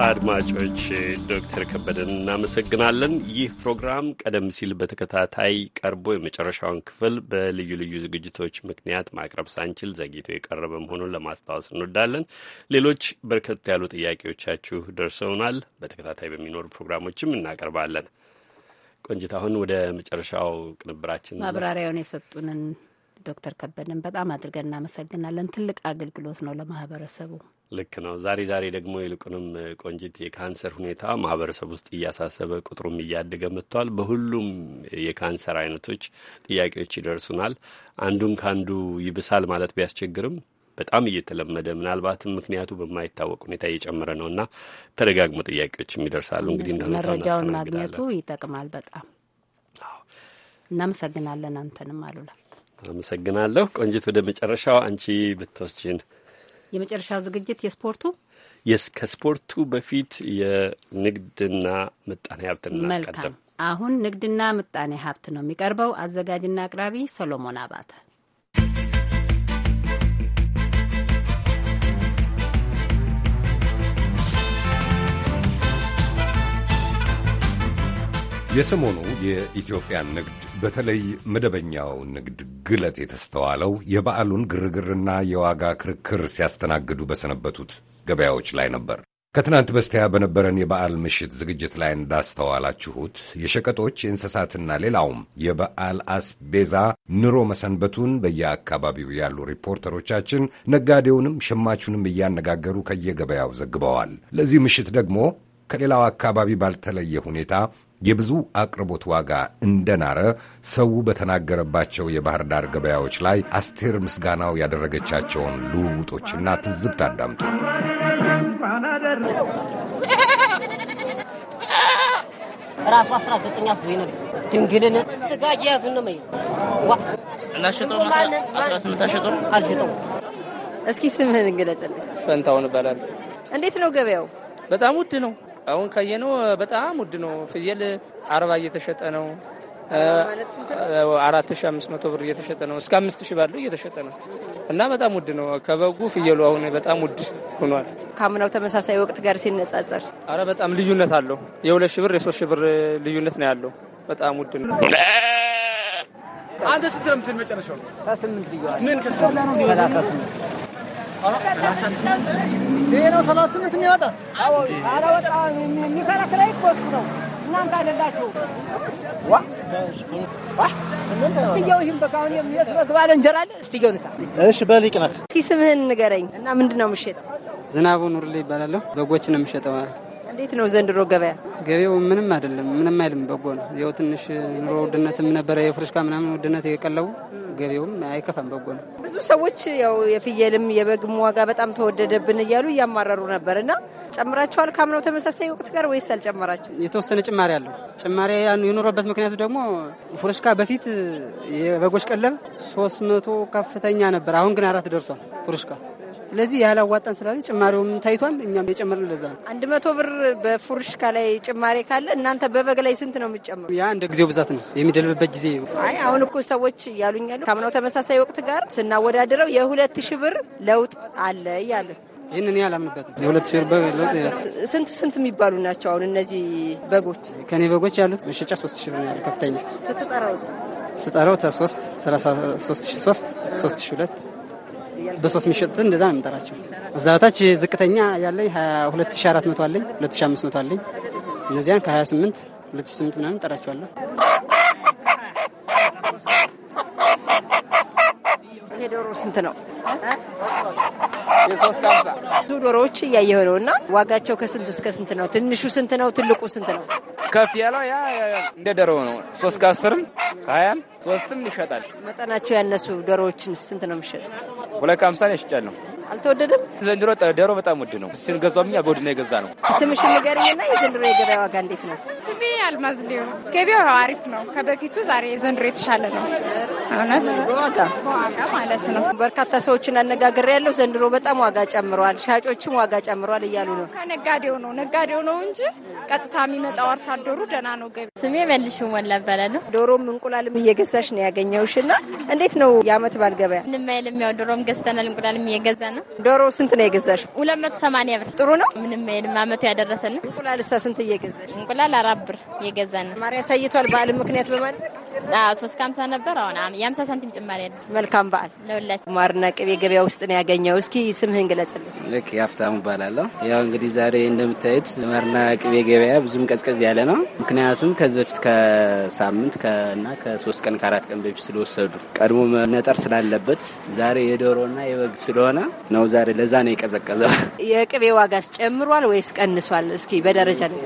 Speaker 1: አድማጮች ዶክተር ከበደን እናመሰግናለን። ይህ ፕሮግራም ቀደም ሲል በተከታታይ ቀርቦ የመጨረሻውን ክፍል በልዩ ልዩ ዝግጅቶች ምክንያት ማቅረብ ሳንችል ዘግይቶ የቀረበ መሆኑን ለማስታወስ እንወዳለን። ሌሎች በርከት ያሉ ጥያቄዎቻችሁ ደርሰውናል። በተከታታይ በሚኖሩ ፕሮግራሞችም እናቀርባለን። ቆንጅት፣ አሁን ወደ መጨረሻው ቅንብራችን ማብራሪያውን
Speaker 3: የሰጡንን ዶክተር ከበደን በጣም አድርገን እናመሰግናለን። ትልቅ አገልግሎት ነው ለማህበረሰቡ።
Speaker 1: ልክ ነው። ዛሬ ዛሬ ደግሞ ይልቁንም ቆንጂት የካንሰር ሁኔታ ማህበረሰብ ውስጥ እያሳሰበ ቁጥሩም እያደገ መጥቷል። በሁሉም የካንሰር አይነቶች ጥያቄዎች ይደርሱናል። አንዱን ከአንዱ ይብሳል ማለት ቢያስቸግርም በጣም እየተለመደ ምናልባትም ምክንያቱ በማይታወቅ ሁኔታ እየጨመረ ነው እና ተደጋግሞ ጥያቄዎችም ይደርሳሉ። እንግዲህ መረጃውን ማግኘቱ
Speaker 3: ይጠቅማል። በጣም እናመሰግናለን። አንተንም አሉላ
Speaker 1: አመሰግናለሁ ቆንጂት። ወደ መጨረሻው አንቺ ብትወስጂን።
Speaker 3: የመጨረሻው ዝግጅት የስፖርቱ
Speaker 1: ከስፖርቱ በፊት የንግድና ምጣኔ ሀብት እናስቀድም።
Speaker 3: አሁን ንግድና ምጣኔ ሀብት ነው የሚቀርበው። አዘጋጅና አቅራቢ ሰሎሞን አባተ።
Speaker 8: የሰሞኑ የኢትዮጵያ ንግድ በተለይ መደበኛው ንግድ ግለት የተስተዋለው የበዓሉን ግርግርና የዋጋ ክርክር ሲያስተናግዱ በሰነበቱት ገበያዎች ላይ ነበር። ከትናንት በስቲያ በነበረን የበዓል ምሽት ዝግጅት ላይ እንዳስተዋላችሁት የሸቀጦች የእንስሳትና ሌላውም የበዓል አስቤዛ ንሮ መሰንበቱን በየአካባቢው ያሉ ሪፖርተሮቻችን ነጋዴውንም ሸማቹንም እያነጋገሩ ከየገበያው ዘግበዋል። ለዚህ ምሽት ደግሞ ከሌላው አካባቢ ባልተለየ ሁኔታ የብዙ አቅርቦት ዋጋ እንደናረ ሰው በተናገረባቸው የባህር ዳር ገበያዎች ላይ አስቴር ምስጋናው ያደረገቻቸውን ልውውጦችና ትዝብት አዳምጡ።
Speaker 6: ራሱ
Speaker 3: 19 ነበር።
Speaker 14: ድንግልን
Speaker 6: ስጋ እየያዙ ነው
Speaker 14: አሸጠው
Speaker 4: እስኪ ስምህን እንግለጽልኝ።
Speaker 14: ፈንታውን እባላለሁ።
Speaker 4: እንዴት ነው ገበያው?
Speaker 14: በጣም ውድ ነው። አሁን ካየነው በጣም ውድ ነው። ፍየል አርባ እየተሸጠ ነው አራት ሺ አምስት መቶ ብር እየተሸጠ ነው። እስከ አምስት ሺ ባለው እየተሸጠ ነው እና በጣም ውድ ነው። ከበጉ ፍየሉ አሁን በጣም ውድ ሆኗል።
Speaker 4: ከአምናው ተመሳሳይ ወቅት ጋር ሲነጻጸር፣
Speaker 14: አረ በጣም ልዩነት አለው። የሁለት ሺ ብር የሶስት ሺ ብር ልዩነት ነው ያለው። በጣም ውድ ነው።
Speaker 5: አንተ ስንት ነው የምትል መጨረሻው? ምን ከስምንት ስምንት
Speaker 9: ይሄ
Speaker 11: ነው ሰላሳ ስምንት የሚያወጣ አላወጣ
Speaker 3: የሚከራከራ ይቆስ ነው። እናንተ አይደላችሁ ስትየው ይህም በቃሁን የተባለ እንጀራ አለ ስትየው ንሳ።
Speaker 11: እሺ በሊቅ ነህ።
Speaker 3: ስምህን
Speaker 4: ንገረኝ እና ምንድን ነው የምትሸጠው?
Speaker 14: ዝናቡ ኑርሌ ይባላለሁ። ነው የምሸጠው።
Speaker 4: እንዴት ነው ዘንድሮ ገበያ?
Speaker 14: ገበያው ምንም አይደለም፣ ምንም አይልም፣ በጎ ነው። ያው ትንሽ ኑሮ ውድነትም ነበረ የፍርሽካ ምናምን ውድነት የቀለቡ ገበያውም አይከፋም፣ በጎ ነው።
Speaker 4: ብዙ ሰዎች ያው የፍየልም የበግም ዋጋ በጣም ተወደደብን እያሉ እያማረሩ ነበር እና ጨምራችኋል ካምናው ተመሳሳይ ወቅት
Speaker 14: ጋር ወይስ አልጨመራችሁ? የተወሰነ ጭማሪ አለው። ጭማሪ የኖረበት ምክንያቱ ደግሞ ፍርሽካ በፊት የበጎች ቀለብ ሶስት መቶ ከፍተኛ ነበር፣ አሁን ግን አራት ደርሷል ፍርሽካ ስለዚህ ያህል አዋጣን ስላለ ጭማሪውም ታይቷል። እኛም የጨመርን ለዛ ነው። አንድ መቶ ብር
Speaker 4: በፉርሽካ ላይ ጭማሪ ካለ እናንተ በበግ ላይ ስንት ነው የምትጨምሩ? ያ እንደ
Speaker 14: ጊዜው ብዛት ነው የሚደልብበት ጊዜ። አይ
Speaker 4: አሁን እኮ ሰዎች እያሉኛሉ ያሉ ተመሳሳይ ወቅት ጋር ስናወዳድረው የሁለት ሺህ ብር ለውጥ አለ እያለ
Speaker 14: ይህንን ያላምንበት አላምንበትም። የሁለት ሺህ ብር
Speaker 4: ስንት ስንት የሚባሉ ናቸው? አሁን እነዚህ በጎች
Speaker 14: ከኔ በጎች ያሉት መሸጫ ሶስት ሺህ ብር ያለ ከፍተኛ ስትጠራውስ ስጠራው ተሶስት ሰላሳ ሶስት ሺህ ሶስት ሶስት ሺህ ሁለት በሶስት የሚሸጡት እንደዛ ነው የምጠራቸው። እዛ በታች ዝቅተኛ ያለኝ 2400 አለኝ፣ 2500 አለኝ። እነዚያን ከ28 28 ምናምን ጠራቸዋለሁ።
Speaker 11: ይሄ ዶሮ ስንት ነው?
Speaker 5: ብዙ
Speaker 4: ዶሮዎች እያየሁ ነው። እና ዋጋቸው ከስንት እስከ ስንት ነው? ትንሹ ስንት ነው? ትልቁ ስንት ነው?
Speaker 5: ከፍ ያለው ያ እንደ ዶሮ ነው። ሶስት ከአስርም ከሀያም ሶስትም ይሸጣል።
Speaker 4: መጠናቸው ያነሱ ዶሮዎችን ስንት ነው የሚሸጡ?
Speaker 5: ሁለት ከሀምሳ ላይ ሽጫለሁ።
Speaker 4: አልተወደደም።
Speaker 9: ዘንድሮ ዶሮ በጣም ውድ ነው። ስንገዛው እኛ በውድ ነው የገዛ ነው።
Speaker 4: ስምሽን ንገሪኝና የዘንድሮ የገበያ ዋጋ እንዴት ነው?
Speaker 9: ይሻላል። ማዝሌው ገበያው አሪፍ ነው
Speaker 4: ከበፊቱ ዛሬ ዘንድሮ የተሻለ ነው። እውነት ዋጋ ማለት ነው። በርካታ ሰዎችን አነጋግሬ ያለው ዘንድሮ በጣም ዋጋ ጨምረዋል፣ ሻጮችም ዋጋ ጨምረዋል እያሉ ነው። ከነጋዴው ነው ነጋዴው ነው እንጂ
Speaker 9: ቀጥታ የሚመጣው አርሶ አደሩ ደህና ነው ገቢ።
Speaker 4: ስሜ መልሽ ሞላ ነው። ዶሮም እንቁላልም እየገዛሽ ነው ያገኘውሽ እና እንዴት ነው የአመት ባል ገበያ?
Speaker 9: ምንም አይልም። ያው ዶሮም ገዝተናል እንቁላልም እየገዛ
Speaker 4: ነው። ዶሮ ስንት ነው የገዛሽ? ሁለት መቶ ሰማንያ ብር። ጥሩ ነው። ምንም አይልም። አመቱ ያደረሰልን። እንቁላል እሳ ስንት እየገዛሽ? እንቁላል አራት ብር ነው። ማሪያ ሳይቷል። በዓል ምክንያት በማድረግ ሶስት ከሀምሳ ነበር አሁን የሀምሳ ሳንቲም ጭማሪ ያለ። መልካም በዓል ለሁላችን። ማርና ቅቤ ገበያ ውስጥ ነው ያገኘው። እስኪ ስምህን ግለጽልን።
Speaker 14: ልክ የሀብታሙ እባላለሁ። ያው እንግዲህ ዛሬ እንደምታዩት ማርና ቅቤ ገበያ ብዙም ቀዝቀዝ ያለ ነው። ምክንያቱም ከዚህ በፊት ከሳምንት እና ከሶስት ቀን ከአራት ቀን በፊት ስለወሰዱ ቀድሞ መነጠር ስላለበት ዛሬ የዶሮና የበግ ስለሆነ ነው ዛሬ ለዛ ነው የቀዘቀዘው።
Speaker 4: የቅቤ ዋጋስ ጨምሯል ወይስ ቀንሷል? እስኪ በደረጃ ነው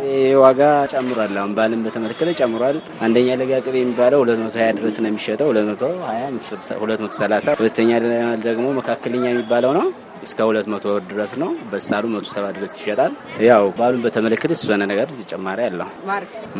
Speaker 14: ዋጋ ጨምሯል። አሁን ባልን በተመለከተ ጨምሯል። አንደኛ ለጋ ቅቤ የሚባለው 220 ድረስ ነው የሚሸጠው ሁለት መቶ ሁለተኛ ደግሞ መካከለኛ የሚባለው ነው እስከ ሁለት መቶ ድረስ ነው። በሳሉ መቶ ሰባ ድረስ ይሸጣል። ያው ባሉን በተመለከተ የተወሰነ ነገር ተጨማሪ አለው።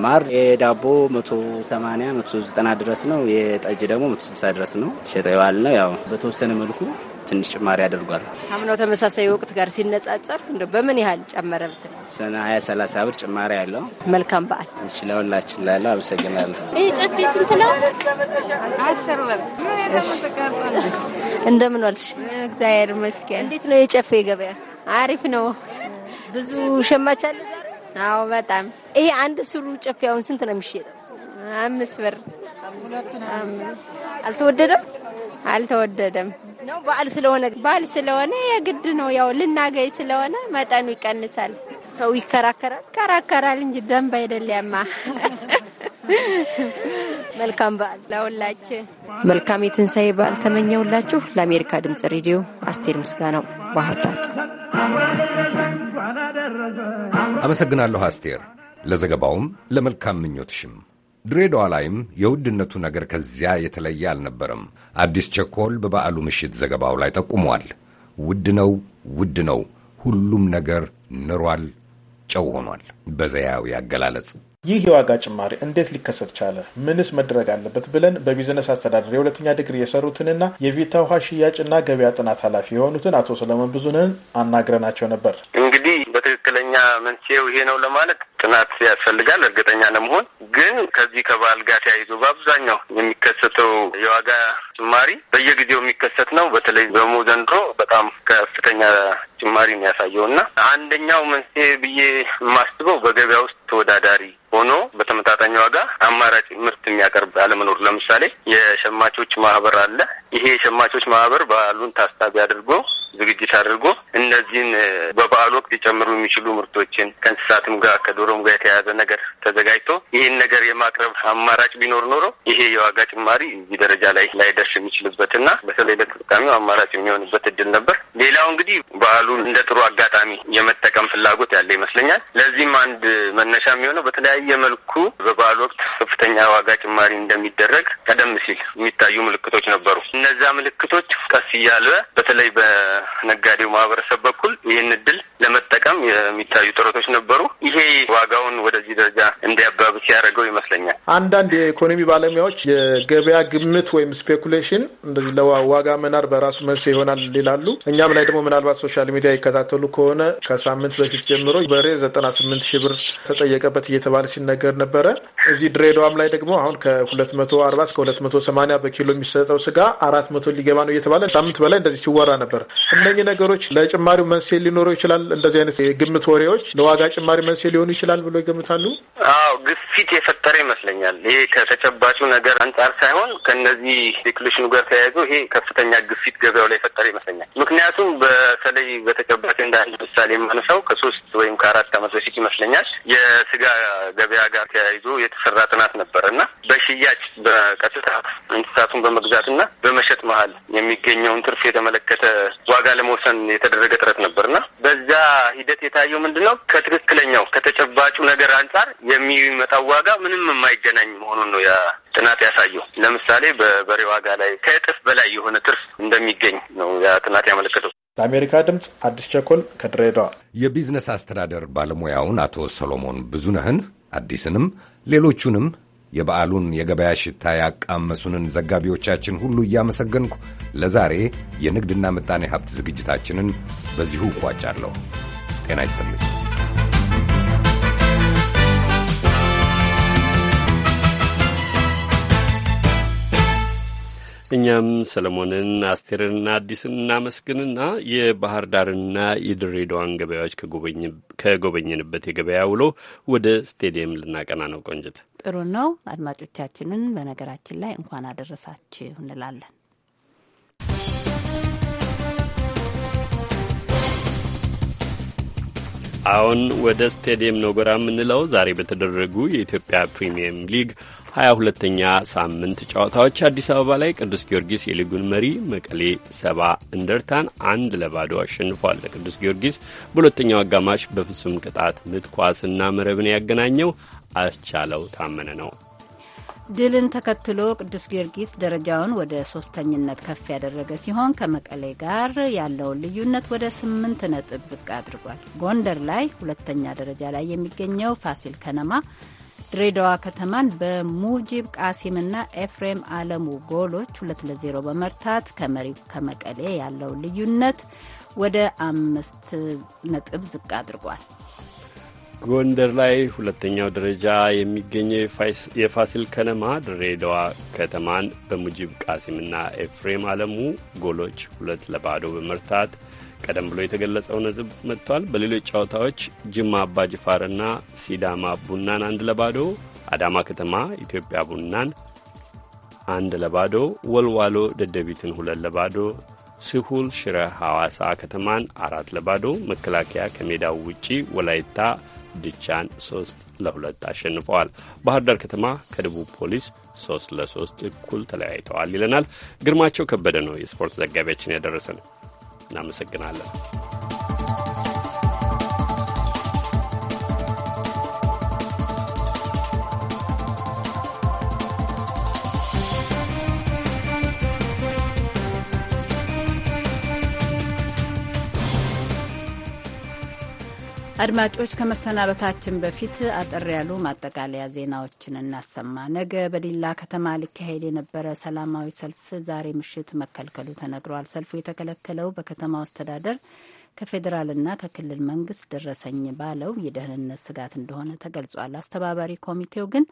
Speaker 14: ማር የዳቦ መቶ 190 ድረስ ነው። የጠጅ ደግሞ መቶ ድረስ ነው ሸጠ ነው ያው በተወሰነ መልኩ ትንሽ ጭማሪ አድርጓል።
Speaker 4: አምናው ተመሳሳይ ወቅት ጋር ሲነጻጸር በምን ያህል ጨመረ ብትል?
Speaker 14: ሰነ ሀያ ሰላሳ ብር ጭማሪ ያለው። መልካም በዓል ችለውላችን ላለው አመሰግናለሁ።
Speaker 4: ይህ
Speaker 11: ጨፌ ስንት ነው?
Speaker 4: አስር ብር። እንደምን ዋልሽ? እግዚአብሔር ይመስገን። እንዴት ነው የጨፌ ገበያ? አሪፍ ነው። ብዙ ሸማች አለ ዛሬ? አዎ በጣም ይሄ አንድ ስሉ ጨፌ አሁን ስንት ነው የሚሸጠው? አምስት ብር። አልተወደደም? አልተወደደም ነው። በዓል ስለሆነ በዓል ስለሆነ የግድ ነው። ያው ልናገኝ ስለሆነ መጠኑ ይቀንሳል። ሰው ይከራከራል ይከራከራል እንጂ ደንብ አይደለም። መልካም በዓል
Speaker 8: ለሁላችን።
Speaker 4: መልካም የትንሣኤ በዓል ተመኘውላችሁ። ለአሜሪካ ድምፅ ሬዲዮ አስቴር ምስጋናው
Speaker 10: ባህር
Speaker 8: ዳር። አመሰግናለሁ አስቴር ለዘገባውም ለመልካም ምኞትሽም። ድሬዳዋ ላይም የውድነቱ ነገር ከዚያ የተለየ አልነበረም። አዲስ ቸኮል በበዓሉ ምሽት ዘገባው ላይ ጠቁሟል። ውድ ነው፣ ውድ ነው፣ ሁሉም ነገር ንሯል፣ ጨው ሆኗል። በዘያዊ አገላለጽ
Speaker 2: ይህ የዋጋ ጭማሪ እንዴት ሊከሰት ቻለ? ምንስ መደረግ አለበት ብለን በቢዝነስ አስተዳደር የሁለተኛ ዲግሪ የሰሩትንና የቪታ ውሃ ሽያጭና ገበያ ጥናት ኃላፊ የሆኑትን አቶ ሰለሞን ብዙንን አናግረናቸው ነበር። እንግዲህ በትክክለኛ
Speaker 15: መንስኤው ይሄ ነው ለማለት ጥናት ያስፈልጋል እርግጠኛ ለመሆን። ግን ከዚህ ከበዓል ጋር ተያይዞ በአብዛኛው የሚከሰተው የዋጋ ጭማሪ በየጊዜው የሚከሰት ነው። በተለይ በሞ ዘንድሮ በጣም ከፍተኛ ጭማሪ ነው ያሳየው እና አንደኛው መንስኤ ብዬ የማስበው በገበያ ውስጥ ተወዳዳሪ ሆኖ በተመጣጣኝ ዋጋ አማራጭ ምርት የሚያቀርብ አለመኖር። ለምሳሌ የሸማቾች ማህበር አለ። ይሄ የሸማቾች ማህበር በዓሉን ታሳቢ አድርጎ ዝግጅት አድርጎ እነዚህን በበዓል ወቅት ሊጨምሩ የሚችሉ ምርቶችን ከእንስሳትም ጋር ከዶሮ ከመሆኑ ጋር የተያያዘ ነገር ተዘጋጅቶ ይህን ነገር የማቅረብ አማራጭ ቢኖር ኖሮ ይሄ የዋጋ ጭማሪ እዚህ ደረጃ ላይ ላይደርስ የሚችልበትና በተለይ ለተጠቃሚው አማራጭ የሚሆንበት እድል ነበር። ሌላው እንግዲህ በዓሉን እንደ ጥሩ አጋጣሚ የመጠቀም ፍላጎት ያለ ይመስለኛል። ለዚህም አንድ መነሻ የሚሆነው በተለያየ መልኩ በበዓሉ ወቅት ከፍተኛ ዋጋ ጭማሪ እንደሚደረግ ቀደም ሲል የሚታዩ ምልክቶች ነበሩ። እነዛ ምልክቶች ቀስ እያለ በተለይ በነጋዴው ማህበረሰብ በኩል ይህን እድል ለመጠቀም የሚታዩ ጥረቶች ነበሩ። ይሄ ዋጋውን ወደዚህ ደረጃ እንዲያባብስ ያደረገው
Speaker 2: ይመስለኛል። አንዳንድ የኢኮኖሚ ባለሙያዎች የገበያ ግምት ወይም ስፔኩሌሽን እንደዚህ ለዋጋ መናር በራሱ መንስኤ ይሆናል ይላሉ። እኛም ላይ ደግሞ ምናልባት ሶሻል ሚዲያ ይከታተሉ ከሆነ ከሳምንት በፊት ጀምሮ በሬ ዘጠና ስምንት ሺህ ብር ተጠየቀበት እየተባለ ሲነገር ነበረ። እዚህ ድሬዳዋም ላይ ደግሞ አሁን ከሁለት መቶ አርባ እስከ ሁለት መቶ ሰማኒያ በኪሎ የሚሰጠው ስጋ አራት መቶ ሊገባ ነው እየተባለ ሳምንት በላይ እንደዚህ ሲወራ ነበር። እነኚህ ነገሮች ለጭማሪው መንስኤ ሊኖረው ይችላል። እንደዚህ አይነት የግምት ወሬዎች ለዋጋ ጭማሪ መንስኤ ሊሆኑ ይችላል። ይችላል ብሎ ይገምታሉ?
Speaker 15: አዎ ግፊት የፈጠረ ይመስለኛል። ይሄ ከተጨባጩ ነገር አንጻር ሳይሆን ከነዚህ ዴክሌሽኑ ጋር ተያይዞ ይሄ ከፍተኛ ግፊት ገበያው ላይ የፈጠረ ይመስለኛል። ምክንያቱም በተለይ በተጨባጭ እንደ አንድ ምሳሌ የማነሳው ከሶስት ወይም ከአራት ዓመት በፊት ይመስለኛል የስጋ ገበያ ጋር ተያይዞ የተሰራ ጥናት ነበር እና በሽያጭ በቀጥታ እንስሳቱን በመግዛትና በመሸጥ መሀል የሚገኘውን ትርፍ የተመለከተ ዋጋ ለመውሰን የተደረገ ጥረት ነበር ና በዛ ሂደት የታየው ምንድን ነው ከትክክለኛው ከተጨባ ከተጨባጩ ነገር አንጻር የሚመጣው ዋጋ ምንም የማይገናኝ መሆኑን ነው ያ ጥናት ያሳየው። ለምሳሌ በበሬ ዋጋ ላይ ከእጥፍ በላይ የሆነ ትርፍ እንደሚገኝ ነው ያ ጥናት ያመለከተው።
Speaker 8: ለአሜሪካ ድምፅ አዲስ ቸኮል ከድሬዳዋ። የቢዝነስ አስተዳደር ባለሙያውን አቶ ሰሎሞን ብዙነህን አዲስንም ሌሎቹንም የበዓሉን የገበያ ሽታ ያቃመሱንን ዘጋቢዎቻችን ሁሉ እያመሰገንኩ ለዛሬ የንግድና ምጣኔ ሀብት ዝግጅታችንን በዚሁ እቋጫለሁ። ጤና ይስጥልኝ።
Speaker 1: እኛም ሰለሞንን አስቴርንና አዲስን እናመስግንና የባህር ዳርና የድሬዳዋን ገበያዎች ከጎበኘንበት የገበያ ውሎ ወደ ስቴዲየም ልናቀና ነው። ቆንጅት
Speaker 3: ጥሩ ነው። አድማጮቻችንን በነገራችን ላይ እንኳን አደረሳችሁ እንላለን።
Speaker 1: አሁን ወደ ስቴዲየም ነው ጎራ የምንለው ዛሬ በተደረጉ የኢትዮጵያ ፕሪሚየም ሊግ ሀያ ሁለተኛ ሳምንት ጨዋታዎች አዲስ አበባ ላይ ቅዱስ ጊዮርጊስ የሊጉን መሪ መቀሌ ሰባ እንደርታን አንድ ለባዶ አሸንፏል። ለቅዱስ ጊዮርጊስ በሁለተኛው አጋማሽ በፍጹም ቅጣት ምት ኳስና መረብን ያገናኘው አስቻለው ታመነ ነው።
Speaker 3: ድልን ተከትሎ ቅዱስ ጊዮርጊስ ደረጃውን ወደ ሶስተኝነት ከፍ ያደረገ ሲሆን ከመቀሌ ጋር ያለውን ልዩነት ወደ ስምንት ነጥብ ዝቅ አድርጓል። ጎንደር ላይ ሁለተኛ ደረጃ ላይ የሚገኘው ፋሲል ከነማ ድሬዳዋ ከተማን በሙጂብ ቃሲምና ኤፍሬም አለሙ ጎሎች ሁለት ለዜሮ በመርታት ከመሪው ከመቀሌ ያለው ልዩነት ወደ አምስት ነጥብ ዝቅ አድርጓል።
Speaker 1: ጎንደር ላይ ሁለተኛው ደረጃ የሚገኘው የፋሲል ከነማ ድሬዳዋ ከተማን በሙጂብ ቃሲምና ኤፍሬም አለሙ ጎሎች ሁለት ለባዶ በመርታት ቀደም ብሎ የተገለጸው ነጥብ መጥቷል። በሌሎች ጨዋታዎች ጅማ አባ ጅፋርና ሲዳማ ቡናን አንድ ለባዶ፣ አዳማ ከተማ ኢትዮጵያ ቡናን አንድ ለባዶ፣ ወልዋሎ ደደቢትን ሁለት ለባዶ፣ ስሁል ሽረ ሐዋሳ ከተማን አራት ለባዶ፣ መከላከያ ከሜዳው ውጪ ወላይታ ድቻን ሶስት ለሁለት አሸንፈዋል። ባህር ዳር ከተማ ከደቡብ ፖሊስ ሶስት ለሶስት እኩል ተለያይተዋል ይለናል። ግርማቸው ከበደ ነው የስፖርት ዘጋቢያችን ያደረሰን። እናመሰግናለን።
Speaker 3: አድማጮች ከመሰናበታችን በፊት አጠር ያሉ ማጠቃለያ ዜናዎችን እናሰማ። ነገ በዲላ ከተማ ሊካሄድ የነበረ ሰላማዊ ሰልፍ ዛሬ ምሽት መከልከሉ ተነግሯል። ሰልፉ የተከለከለው በከተማው አስተዳደር ከፌዴራልና ከክልል መንግስት ደረሰኝ ባለው የደህንነት ስጋት እንደሆነ ተገልጿል። አስተባባሪ ኮሚቴው ግን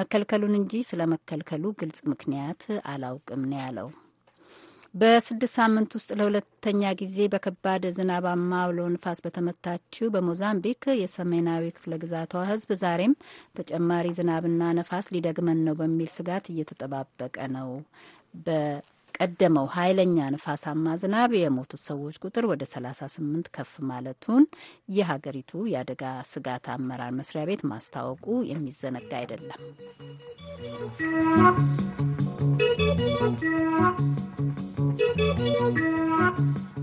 Speaker 3: መከልከሉን እንጂ ስለ መከልከሉ ግልጽ ምክንያት አላውቅም ነው ያለው። በስድስት ሳምንት ውስጥ ለሁለተኛ ጊዜ በከባድ ዝናባማ አውሎ ንፋስ በተመታችው በሞዛምቢክ የሰሜናዊ ክፍለ ግዛቷ ሕዝብ ዛሬም ተጨማሪ ዝናብና ነፋስ ሊደግመን ነው በሚል ስጋት እየተጠባበቀ ነው። ቀደመው ኃይለኛ ንፋሳማ ዝናብ የሞቱት ሰዎች ቁጥር ወደ 38 ከፍ ማለቱን የሀገሪቱ የአደጋ ስጋት አመራር መስሪያ ቤት ማስታወቁ የሚዘነጋ አይደለም።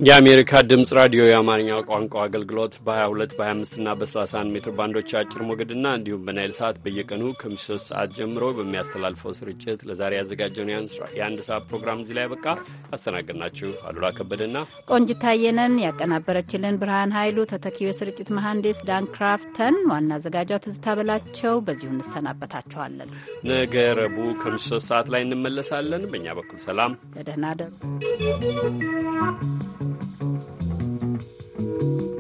Speaker 1: የአሜሪካ ድምፅ ራዲዮ የአማርኛ ቋንቋ አገልግሎት በ22 በ25 እና በ31 ሜትር ባንዶች አጭር ሞገድና እንዲሁም በናይል ሰዓት በየቀኑ ከምሽቱ 3 ሰዓት ጀምሮ በሚያስተላልፈው ስርጭት ለዛሬ ያዘጋጀውን የአንድ ሰዓት ፕሮግራም እዚህ ላይ ያበቃ። ያስተናገድናችሁ አሉላ ከበደና
Speaker 3: ቆንጅታየነን ያቀናበረችልን ብርሃን ኃይሉ፣ ተተኪው የስርጭት መሐንዲስ ዳን ክራፍተን፣ ዋና አዘጋጇ ትዝታ በላቸው። በዚሁ እንሰናበታችኋለን።
Speaker 1: ነገ ረቡዕ ከምሽቱ 3 ሰዓት ላይ እንመለሳለን። በእኛ በኩል ሰላም፣
Speaker 3: በደህና ደሩ። thank you.